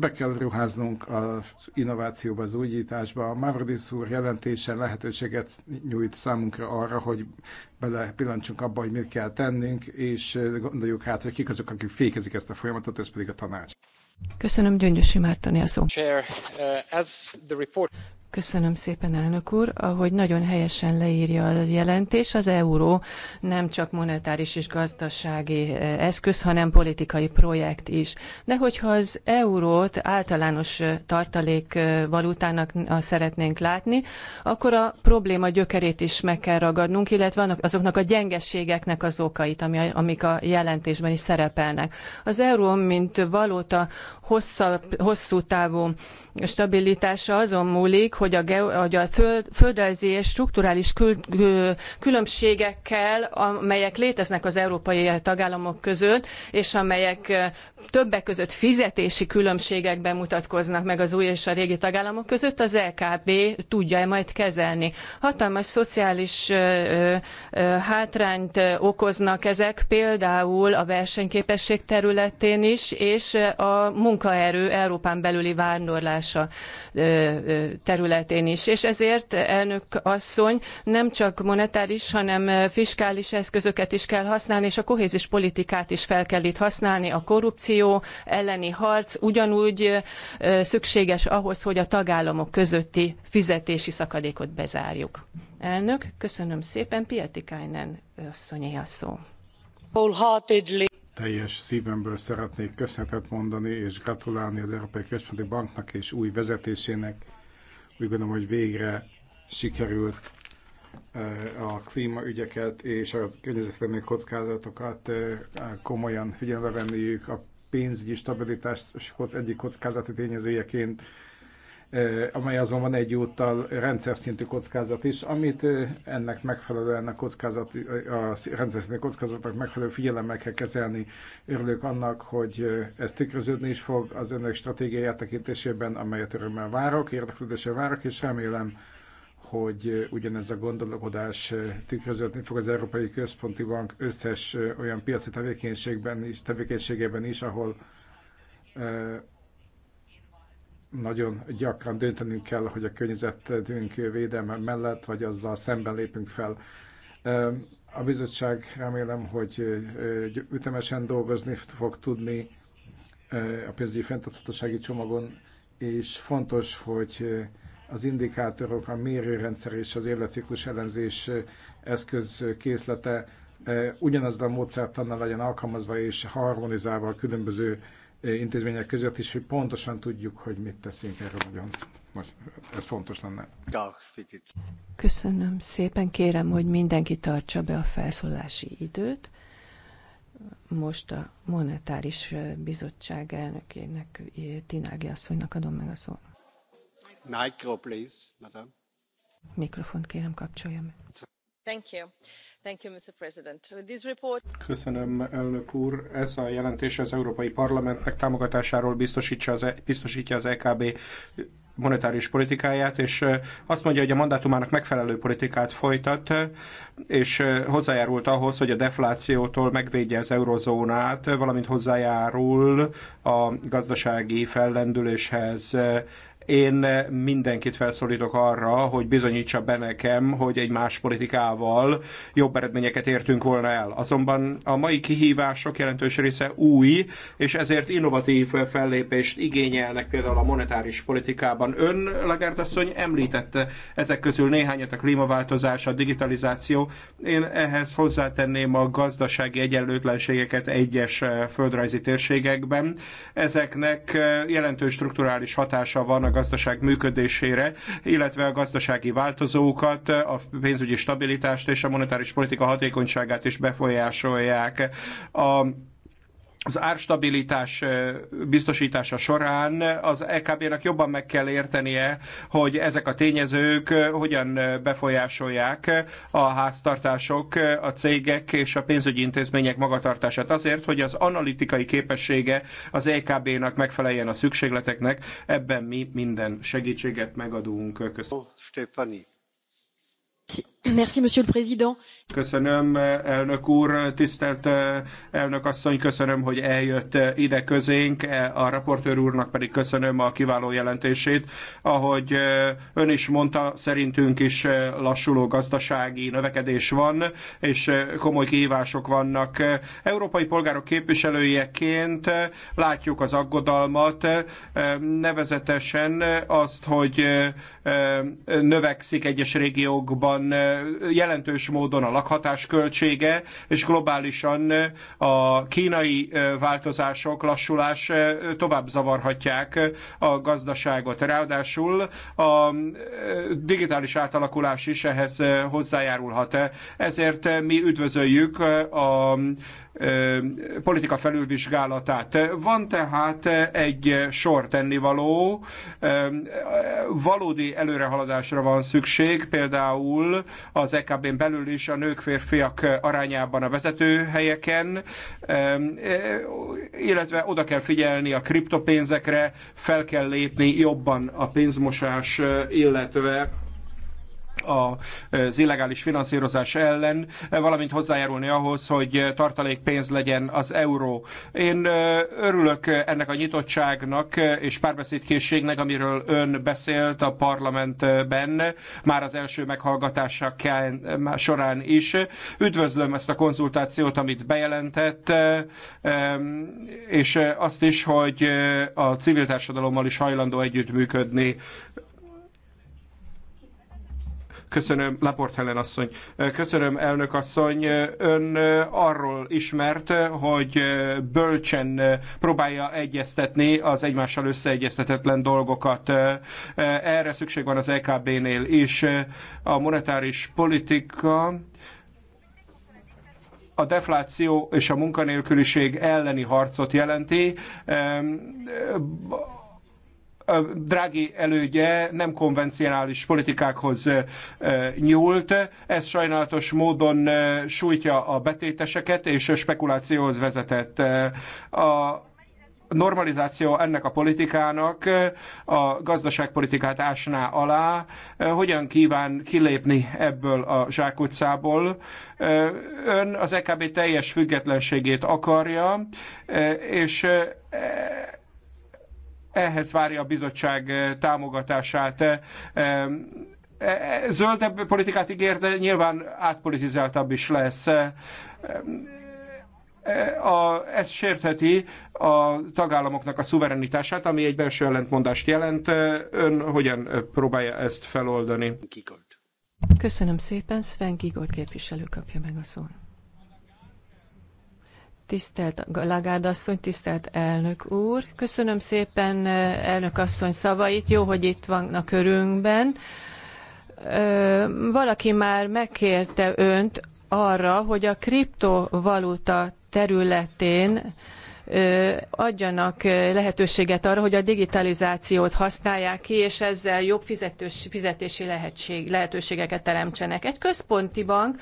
be kell ruháznunk az innovációba, az újításba. A Mavrodis úr jelentésen lehetőséget nyújt számunkra arra, hogy bele pillancsunk abba, hogy mit kell tennünk, és gondoljuk hát hogy kik azok, akik fékezik ezt a folyamatot, ez pedig a tanács. Köszönöm, Gyöngyösi Mártani a szó. Uh, Köszönöm szépen, elnök úr. Ahogy nagyon helyesen leírja a jelentés, az euró nem csak monetáris és gazdasági eh, eszköz, hanem politikai projekt is. De hogyha az eurót általános eh, tartalék eh, valutának szeretnénk látni, akkor a probléma gyökerét is meg kell ragadnunk, illetve azoknak a gyengeségeknek az okait, amik a jelentésben is szerepelnek. Az euró, mint valóta hosszabb, hosszú távú stabilitása azon múlik, hogy a, ge- hogy a föld, földrajzi és strukturális kül- különbségekkel, amelyek léteznek az európai tagállamok között, és amelyek többek között fizetési különbségek bemutatkoznak meg az új és a régi tagállamok között, az LKB tudja-e majd kezelni. Hatalmas szociális ö, ö, hátrányt okoznak ezek például a versenyképesség területén is, és a munkaerő Európán belüli vándorlása területén is. És ezért, elnök asszony, nem csak monetáris, hanem fiskális eszközöket is kell használni, és a kohézis politikát is fel kell itt használni, a korrupció korrupció elleni harc ugyanúgy szükséges ahhoz, hogy a tagállamok közötti fizetési szakadékot bezárjuk. Elnök, köszönöm szépen, Pietikainen asszonyé a szó. Teljes szívemből szeretnék köszönetet mondani és gratulálni az Európai Központi Banknak és új vezetésének. Úgy gondolom, hogy végre sikerült a klímaügyeket és a környezetvédelmi kockázatokat komolyan figyelembe venniük a pénzügyi stabilitáshoz egyik kockázati tényezőjeként, e, amely azonban úttal rendszer szintű kockázat is, amit e, ennek megfelelően a, kockázat, a rendszer szintű kockázatnak megfelelő figyelemmel kell kezelni. Örülök annak, hogy e, ez tükröződni is fog az önök stratégiai tekintésében, amelyet örömmel várok, érdeklődésre várok, és remélem, hogy ugyanez a gondolkodás tükröződni fog az Európai Központi Bank összes olyan piaci tevékenységben is, tevékenységében is, ahol nagyon gyakran döntenünk kell, hogy a környezetünk védelme mellett, vagy azzal szemben lépünk fel. A bizottság remélem, hogy ütemesen dolgozni fog tudni a pénzügyi fenntarthatósági csomagon, és fontos, hogy az indikátorok, a mérőrendszer és az életciklus elemzés eszköz készlete ugyanaz a módszertannal legyen alkalmazva és harmonizálva a különböző intézmények között is, hogy pontosan tudjuk, hogy mit teszünk erre nagyon. Most ez fontos lenne. Köszönöm szépen, kérem, hogy mindenki tartsa be a felszólási időt. Most a Monetáris Bizottság elnökének, Tinági asszonynak adom meg a szót. Köszönöm, elnök úr. Ez a jelentés az Európai Parlamentnek támogatásáról biztostja az, e- az EKB monetáris politikáját, és azt mondja, hogy a mandátumának megfelelő politikát folytat, és hozzájárult ahhoz, hogy a deflációtól megvédje az eurozónát, valamint hozzájárul a gazdasági fellendüléshez. Én eh, mindenkit felszólítok arra, hogy bizonyítsa be nekem, hogy egy más politikával jobb eredményeket értünk volna el. Azonban a mai kihívások jelentős része új, és ezért innovatív fellépést igényelnek például a monetáris politikában. Ön, Lagarde asszony, említette ezek közül néhányat a klímaváltozás, a digitalizáció. Én ehhez hozzátenném a gazdasági egyenlőtlenségeket egyes eh, földrajzi térségekben. Ezeknek eh, jelentős strukturális hatása van a gazdaság működésére, illetve a gazdasági változókat, a pénzügyi stabilitást és a monetáris politika hatékonyságát is befolyásolják. A az árstabilitás biztosítása során az EKB-nak jobban meg kell értenie, hogy ezek a tényezők hogyan befolyásolják a háztartások, a cégek és a pénzügyi intézmények magatartását azért, hogy az analitikai képessége az EKB-nak megfeleljen a szükségleteknek. Ebben mi minden segítséget megadunk. Köszönöm. Stefani. Merci, Monsieur le Président. Köszönöm, elnök úr, tisztelt eh, elnök asszony, köszönöm, hogy eljött eh, ide közénk, eh, a raportőr úrnak pedig köszönöm a kiváló jelentését. Ahogy ön is mondta, szerintünk is lassuló gazdasági növekedés van, és komoly kihívások vannak. Európai polgárok képviselőjeként látjuk az aggodalmat, nevezetesen azt, hogy növekszik egyes régiókban jelentős módon a lakhatás költsége, és globálisan a kínai változások, lassulás tovább zavarhatják a gazdaságot. Ráadásul a digitális átalakulás is ehhez hozzájárulhat. Ezért mi üdvözöljük a politika felülvizsgálatát. Van tehát egy sor tennivaló, valódi előrehaladásra van szükség, például az EKB-n belül is a nők férfiak arányában a vezető helyeken, illetve oda kell figyelni a kriptopénzekre, fel kell lépni jobban a pénzmosás, illetve az illegális finanszírozás ellen, valamint hozzájárulni ahhoz, hogy tartalékpénz legyen az euró. Én örülök ennek a nyitottságnak és párbeszédkészségnek, amiről ön beszélt a parlamentben, már az első meghallgatása során is. Üdvözlöm ezt a konzultációt, amit bejelentett, és azt is, hogy a civil társadalommal is hajlandó együttműködni Köszönöm, Laport Helen asszony. Köszönöm, elnök asszony. Ön arról ismert, hogy bölcsen próbálja egyeztetni az egymással összeegyeztetetlen dolgokat. Erre szükség van az EKB-nél is. A monetáris politika a defláció és a munkanélküliség elleni harcot jelenti drági elődje nem konvencionális politikákhoz nyúlt. Ez sajnálatos módon sújtja a betéteseket, és spekulációhoz vezetett. A normalizáció ennek a politikának a gazdaságpolitikát ásná alá, hogyan kíván kilépni ebből a zsákutcából. Ön az EKB teljes függetlenségét akarja, és ehhez várja a bizottság eh, támogatását. Eh, eh, zöldebb politikát ígér, de nyilván átpolitizáltabb is lesz a, ez sértheti a tagállamoknak a szuverenitását, ami egy belső ellentmondást jelent. Ön hogyan próbálja ezt feloldani? Köszönöm szépen, Sven Gigold képviselő kapja meg a szót. Tisztelt Lagád asszony, tisztelt elnök úr. Köszönöm szépen eh, elnök asszony szavait. Jó, hogy itt van a körünkben. Eh, valaki már megkérte önt arra, hogy a kriptovaluta területén eh, adjanak lehetőséget arra, hogy a digitalizációt használják ki, és ezzel jobb fizetős, fizetési lehetőségeket teremtsenek. Egy központi bank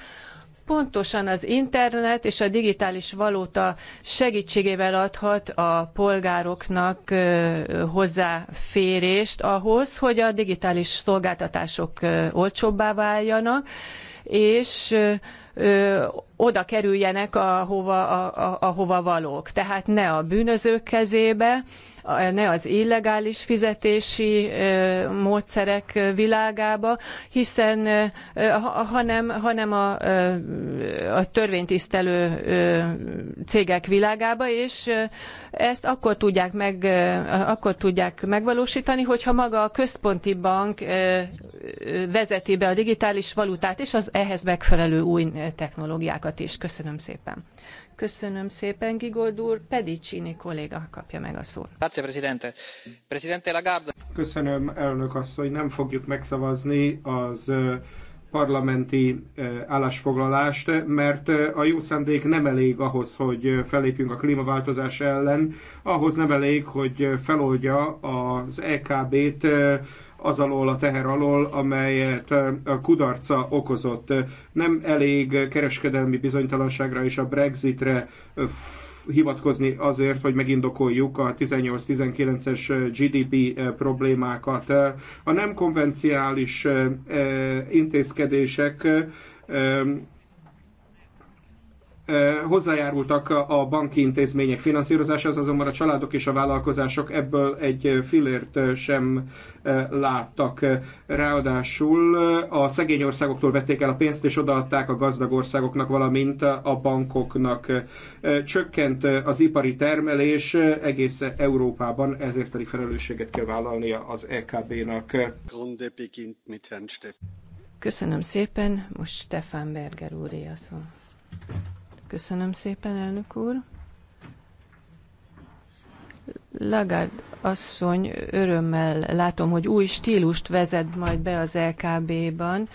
pontosan az internet és a digitális valóta segítségével adhat a polgároknak hozzáférést ahhoz, hogy a digitális szolgáltatások olcsóbbá váljanak, és oda kerüljenek, ahova, ahova valók. Tehát ne a bűnözők kezébe, ne az illegális fizetési módszerek világába, hiszen hanem, hanem a, a törvénytisztelő cégek világába, és ezt akkor tudják, meg, akkor tudják megvalósítani, hogyha maga a központi bank vezeti be a digitális valutát, és az ehhez megfelelő új technológiákat is. Köszönöm szépen. Köszönöm szépen, Gigold úr. Pedicsini kolléga kapja meg a szót. Köszönöm, elnök asszony, nem fogjuk megszavazni az parlamenti állásfoglalást, mert a jó szándék nem elég ahhoz, hogy felépjünk a klímaváltozás ellen, ahhoz nem elég, hogy feloldja az EKB-t az alól a teher alól, amelyet a kudarca okozott. Nem elég kereskedelmi bizonytalanságra és a Brexitre hivatkozni azért, hogy megindokoljuk a 18-19-es eh, GDP eh, problémákat. Eh, a nem konvenciális intézkedések hozzájárultak a banki intézmények finanszírozásához, azonban a családok és a vállalkozások ebből egy fillért sem láttak. Ráadásul a szegény országoktól vették el a pénzt, és odaadták a gazdag országoknak, valamint a bankoknak. Csökkent az ipari termelés egész Európában, ezért pedig felelősséget kell vállalnia az EKB-nak. Köszönöm szépen, most Stefan Berger úr a szó. Köszönöm szépen, elnök úr. Lagard asszony, örömmel látom, hogy új stílust vezet majd be az LKB-ban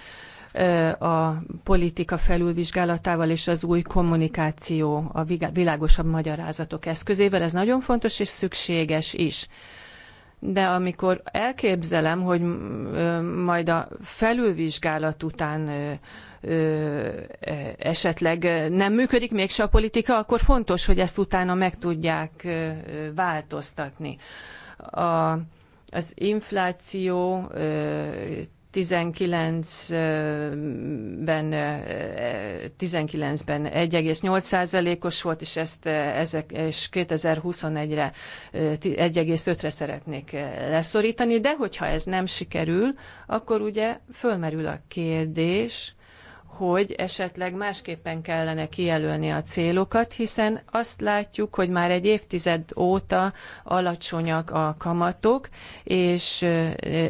a politika felülvizsgálatával és az új kommunikáció, a világosabb magyarázatok eszközével. Ez nagyon fontos és szükséges is de amikor elképzelem, hogy majd a felülvizsgálat után esetleg nem működik mégse a politika, akkor fontos, hogy ezt utána meg tudják változtatni. A, az infláció 19-ben 19-ben 1,8%-os volt, és ezt ezek, és 2021-re 1,5-re szeretnék leszorítani, de hogyha ez nem sikerül, akkor ugye fölmerül a kérdés, hogy esetleg másképpen kellene kijelölni a célokat, hiszen azt látjuk, hogy már egy évtized óta alacsonyak a kamatok, és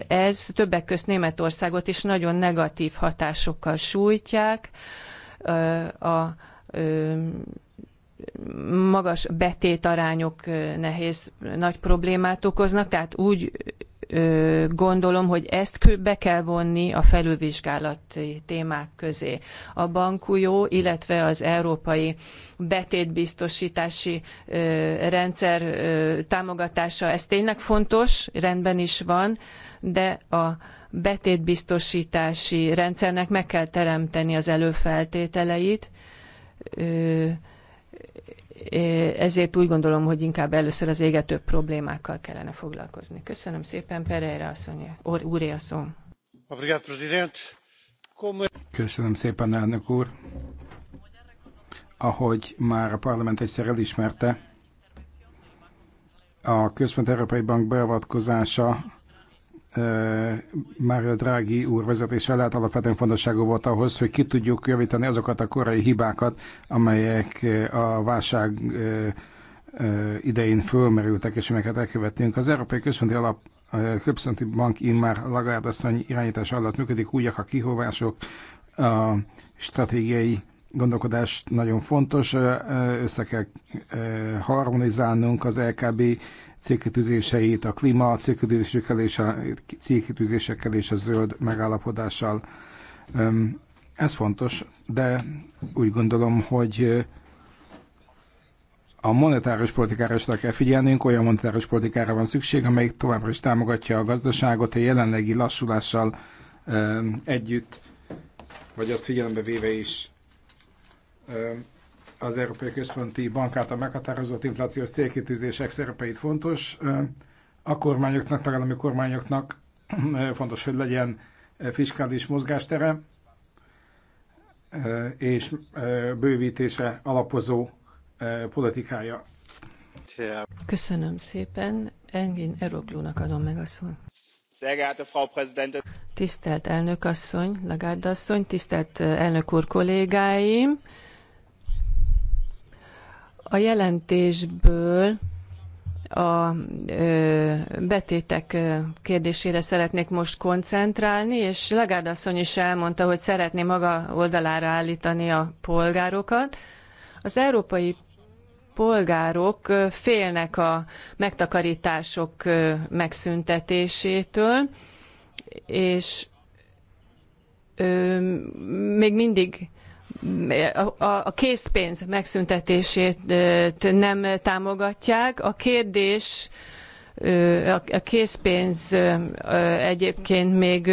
ez többek közt Németországot is nagyon negatív hatásokkal sújtják. A magas betétarányok nehéz nagy problémát okoznak, tehát úgy gondolom, hogy ezt be kell vonni a felülvizsgálati témák közé. A bankújó, illetve az európai betétbiztosítási rendszer támogatása, ez tényleg fontos, rendben is van, de a betétbiztosítási rendszernek meg kell teremteni az előfeltételeit, ezért úgy gondolom, hogy inkább először az égető problémákkal kellene foglalkozni. Köszönöm szépen, Pereira asszony, úré a Köszönöm szépen, elnök úr. Ahogy már a parlament egyszer elismerte, a Központ Európai Bank beavatkozása a Drági úr vezetése lehet alapvetően fontosságú volt ahhoz, hogy ki tudjuk javítani azokat a korai hibákat, amelyek a válság idején fölmerültek, és amelyeket elkövettünk. Az Európai Központi Alap Központi Bank immár Lagarde asszony irányítás alatt működik, úgy a kihovások a stratégiai gondolkodás nagyon fontos, össze kell harmonizálnunk az LKB célkitűzéseit, a klíma célkitűzésekkel és a, célkitűzésekkel és a zöld megállapodással. Ez fontos, de úgy gondolom, hogy a monetáris politikára is kell figyelnünk, olyan monetáris politikára van szükség, amelyik továbbra is támogatja a gazdaságot a jelenlegi lassulással együtt, vagy azt figyelembe véve is az Európai Központi Bank által meghatározott inflációs célkitűzések szerepeit fontos. A kormányoknak, tagállami kormányoknak fontos, hogy legyen fiskális mozgástere és bővítése alapozó politikája. Köszönöm szépen. Engin Eroglónak adom meg a szót. Tisztelt elnök asszony, Lagarde asszony, tisztelt elnök úr kollégáim! A jelentésből a betétek kérdésére szeretnék most koncentrálni, és Legárd asszony is elmondta, hogy szeretné maga oldalára állítani a polgárokat. Az európai polgárok félnek a megtakarítások megszüntetésétől, és még mindig a készpénz megszüntetését nem támogatják. A kérdés a készpénz egyébként még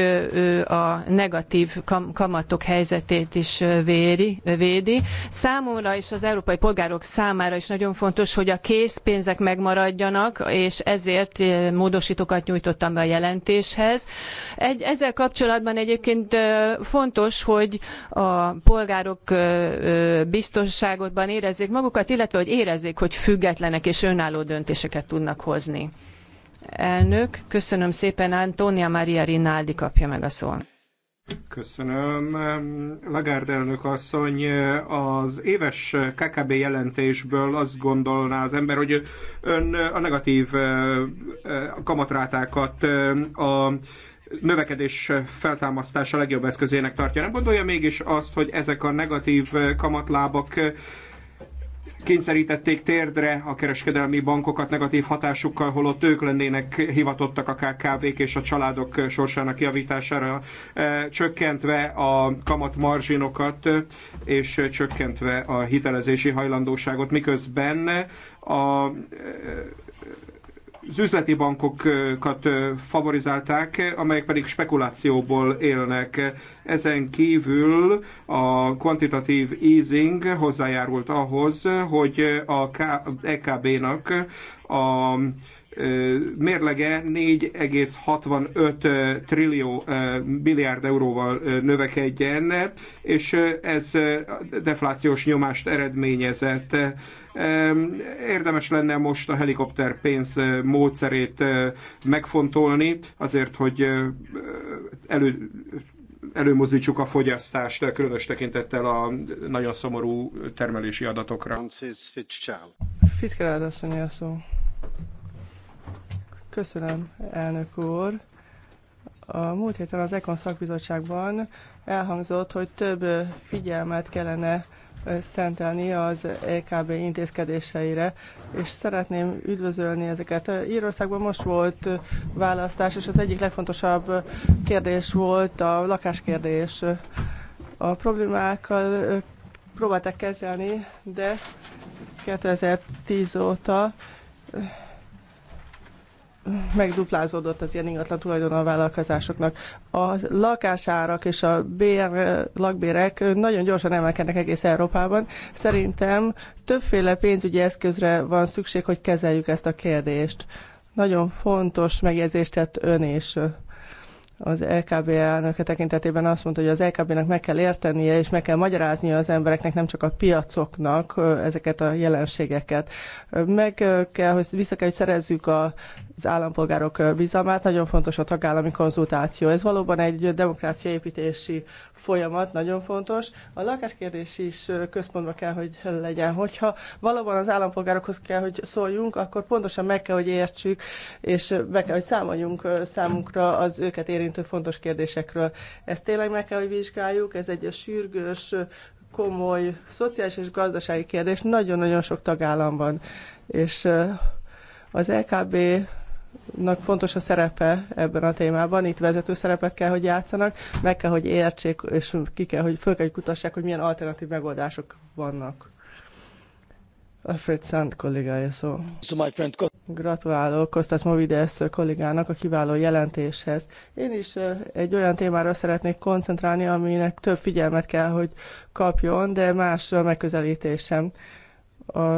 a negatív kamatok helyzetét is véri, védi. Számomra és az európai polgárok számára is nagyon fontos, hogy a készpénzek megmaradjanak, és ezért módosítókat nyújtottam be a jelentéshez. Egy, ezzel kapcsolatban egyébként fontos, hogy a polgárok biztonságotban érezzék magukat, illetve hogy érezzék, hogy függetlenek és önálló döntéseket tudnak hozni. Elnök, köszönöm szépen, Antonia Maria Rinaldi kapja meg a szót. Köszönöm. Lagarde elnök asszony, az éves KKB jelentésből azt gondolná az ember, hogy ön a negatív eh, eh, kamatrátákat eh, a növekedés feltámasztása legjobb eszközének tartja. Nem gondolja mégis azt, hogy ezek a negatív kamatlábak kényszerítették térdre a kereskedelmi bankokat negatív hatásukkal, holott ők lennének hivatottak a KKV-k és a családok sorsának javítására, eh, csökkentve a kamatmarzsinokat eh, és csökkentve a hitelezési hajlandóságot, miközben a eh, az üzleti bankokat favorizálták, amelyek pedig spekulációból élnek. Ezen kívül a kvantitatív easing hozzájárult ahhoz, hogy a EKB-nak a mérlege 4,65 trillió milliárd euróval növekedjen, és ez deflációs nyomást eredményezett. Érdemes lenne most a helikopter pénz módszerét megfontolni, azért, hogy elő, előmozdítsuk a fogyasztást, különös tekintettel a nagyon szomorú termelési adatokra. Fitzgerald asszony a szó. Köszönöm, elnök úr. A múlt héten az Ekon szakbizottságban elhangzott, hogy több figyelmet kellene szentelni az EKB intézkedéseire, és szeretném üdvözölni ezeket. Írországban most volt választás, és az egyik legfontosabb kérdés volt a lakáskérdés. A problémákkal próbálták kezelni, de 2010 óta megduplázódott az ilyen ingatlan tulajdon a vállalkozásoknak. A lakásárak és a bér, lakbérek nagyon gyorsan emelkednek egész Európában. Szerintem többféle pénzügyi eszközre van szükség, hogy kezeljük ezt a kérdést. Nagyon fontos megjegyzést tett ön és az LKB elnöke tekintetében azt mondta, hogy az LKB-nek meg kell értenie, és meg kell magyaráznia az embereknek, nem csak a piacoknak ezeket a jelenségeket. Meg kell, hogy vissza kell, hogy szerezzük a az állampolgárok bizalmát. Nagyon fontos a tagállami konzultáció. Ez valóban egy demokráciaépítési folyamat, nagyon fontos. A lakáskérdés is központba kell, hogy legyen. Hogyha valóban az állampolgárokhoz kell, hogy szóljunk, akkor pontosan meg kell, hogy értsük, és be kell, hogy számoljunk számunkra az őket érintő fontos kérdésekről. Ezt tényleg meg kell, hogy vizsgáljuk. Ez egy sürgős, komoly szociális és gazdasági kérdés nagyon-nagyon sok tagállamban. És az LKB nak fontos a szerepe ebben a témában. Itt vezető szerepet kell, hogy játszanak, meg kell, hogy értsék, és ki kell, hogy föl kell, hogy kutassák, hogy milyen alternatív megoldások vannak. Alfred Sand kollégája szó. So my friend, Gratulálok Kostas Movides kollégának a kiváló jelentéshez. Én is egy olyan témára szeretnék koncentrálni, aminek több figyelmet kell, hogy kapjon, de más a megközelítésem. A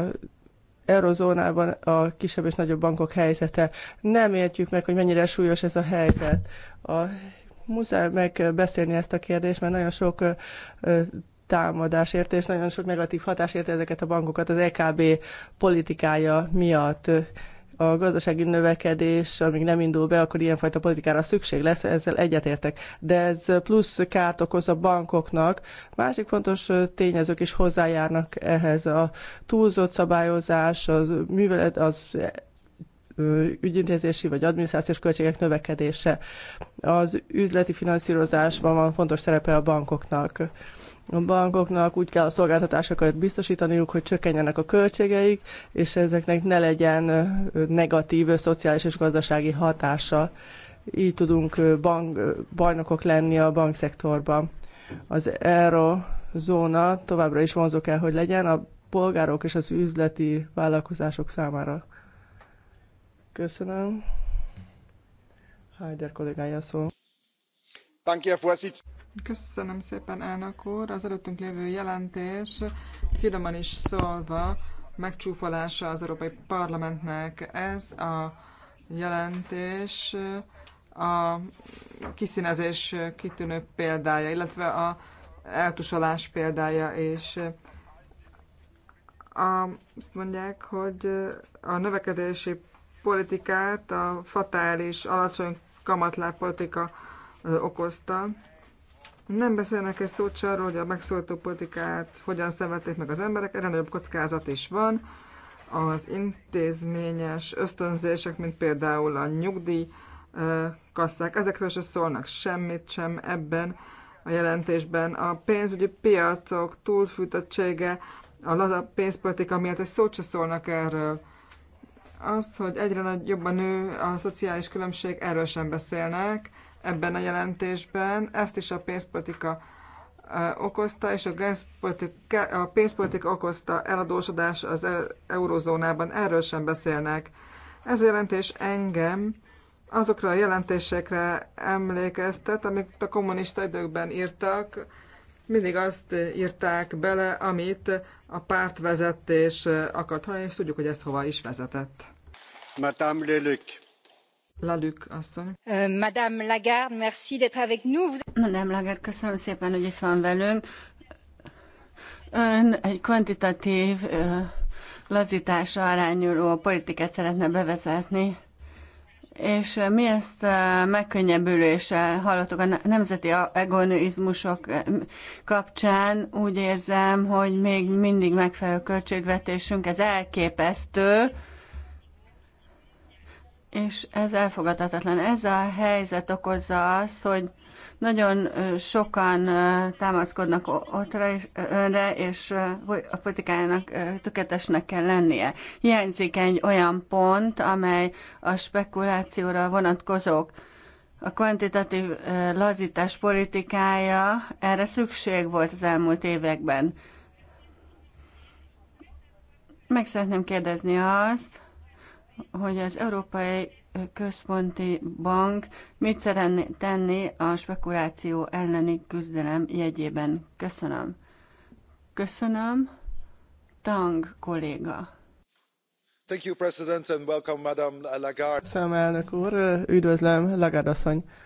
eurozónában a kisebb és nagyobb bankok helyzete. Nem értjük meg, hogy mennyire súlyos ez a helyzet. A, muszáj megbeszélni ezt a kérdést, mert nagyon sok támadásért és nagyon sok negatív hatásért ezeket a bankokat az EKB politikája miatt a gazdasági növekedés, amíg nem indul be, akkor ilyenfajta politikára szükség lesz, ezzel egyetértek. De ez plusz kárt okoz a bankoknak. Másik fontos tényezők is hozzájárnak ehhez a túlzott szabályozás, az művelet, az ügyintézési vagy adminisztrációs költségek növekedése. Az üzleti finanszírozásban van fontos szerepe a bankoknak. A bankoknak úgy kell a szolgáltatásokat biztosítaniuk, hogy csökkenjenek a költségeik, és ezeknek ne legyen negatív szociális és gazdasági hatása. Így tudunk bank, bajnokok lenni a bankszektorban. Az zóna továbbra is vonzó kell, hogy legyen a polgárok és az üzleti vállalkozások számára. Köszönöm. Heider kollégája szó. Köszönöm szépen, elnök úr. Az előttünk lévő jelentés finoman is szólva megcsúfolása az Európai Parlamentnek. Ez a jelentés a kiszínezés kitűnő példája, illetve a eltusolás példája, és a, azt mondják, hogy a növekedési politikát a fatális alacsony kamatláb politika okozta. Nem beszélnek egy szót arról, hogy a megszólító politikát hogyan szenvedték meg az emberek, erre nagyobb kockázat is van. Az intézményes ösztönzések, mint például a nyugdíj kasszák, ezekről se szólnak semmit sem ebben a jelentésben. A pénzügyi piacok túlfűtöttsége, a laza pénzpolitika miatt egy szót se szólnak erről. Az, hogy egyre nagyobban nő a szociális különbség, erről sem beszélnek ebben a jelentésben. Ezt is a pénzpolitika okozta, és a, a pénzpolitika okozta eladósodás az e- eurozónában. Erről sem beszélnek. Ez a jelentés engem azokra a jelentésekre emlékeztet, amit a kommunista időkben írtak, mindig azt írták bele, amit a pártvezetés akart hallani, és tudjuk, hogy ez hova is vezetett. Madame Lelük. Euh, Madame Lagarde, merci d'être avec nous. Madame Lagarde, köszönöm szépen, hogy itt van velünk. Ön egy kvantitatív lazításra arányuló politikát szeretne bevezetni. És mi ezt megkönnyebbüléssel hallottuk a nemzeti egonizmusok kapcsán. Úgy érzem, hogy még mindig megfelelő költségvetésünk, ez elképesztő és ez elfogadhatatlan. Ez a helyzet okozza azt, hogy nagyon sokan támaszkodnak otra és önre, és a politikájának tökéletesnek kell lennie. Hiányzik egy olyan pont, amely a spekulációra vonatkozók. A kvantitatív lazítás politikája erre szükség volt az elmúlt években. Meg szeretném kérdezni azt, hogy az Európai Központi Bank mit szeretne tenni a spekuláció elleni küzdelem jegyében. Köszönöm. Köszönöm. Tang kolléga. Thank you, President, and welcome, Lagarde. Köszönöm, elnök úr. Üdvözlöm, Lagarde asszony.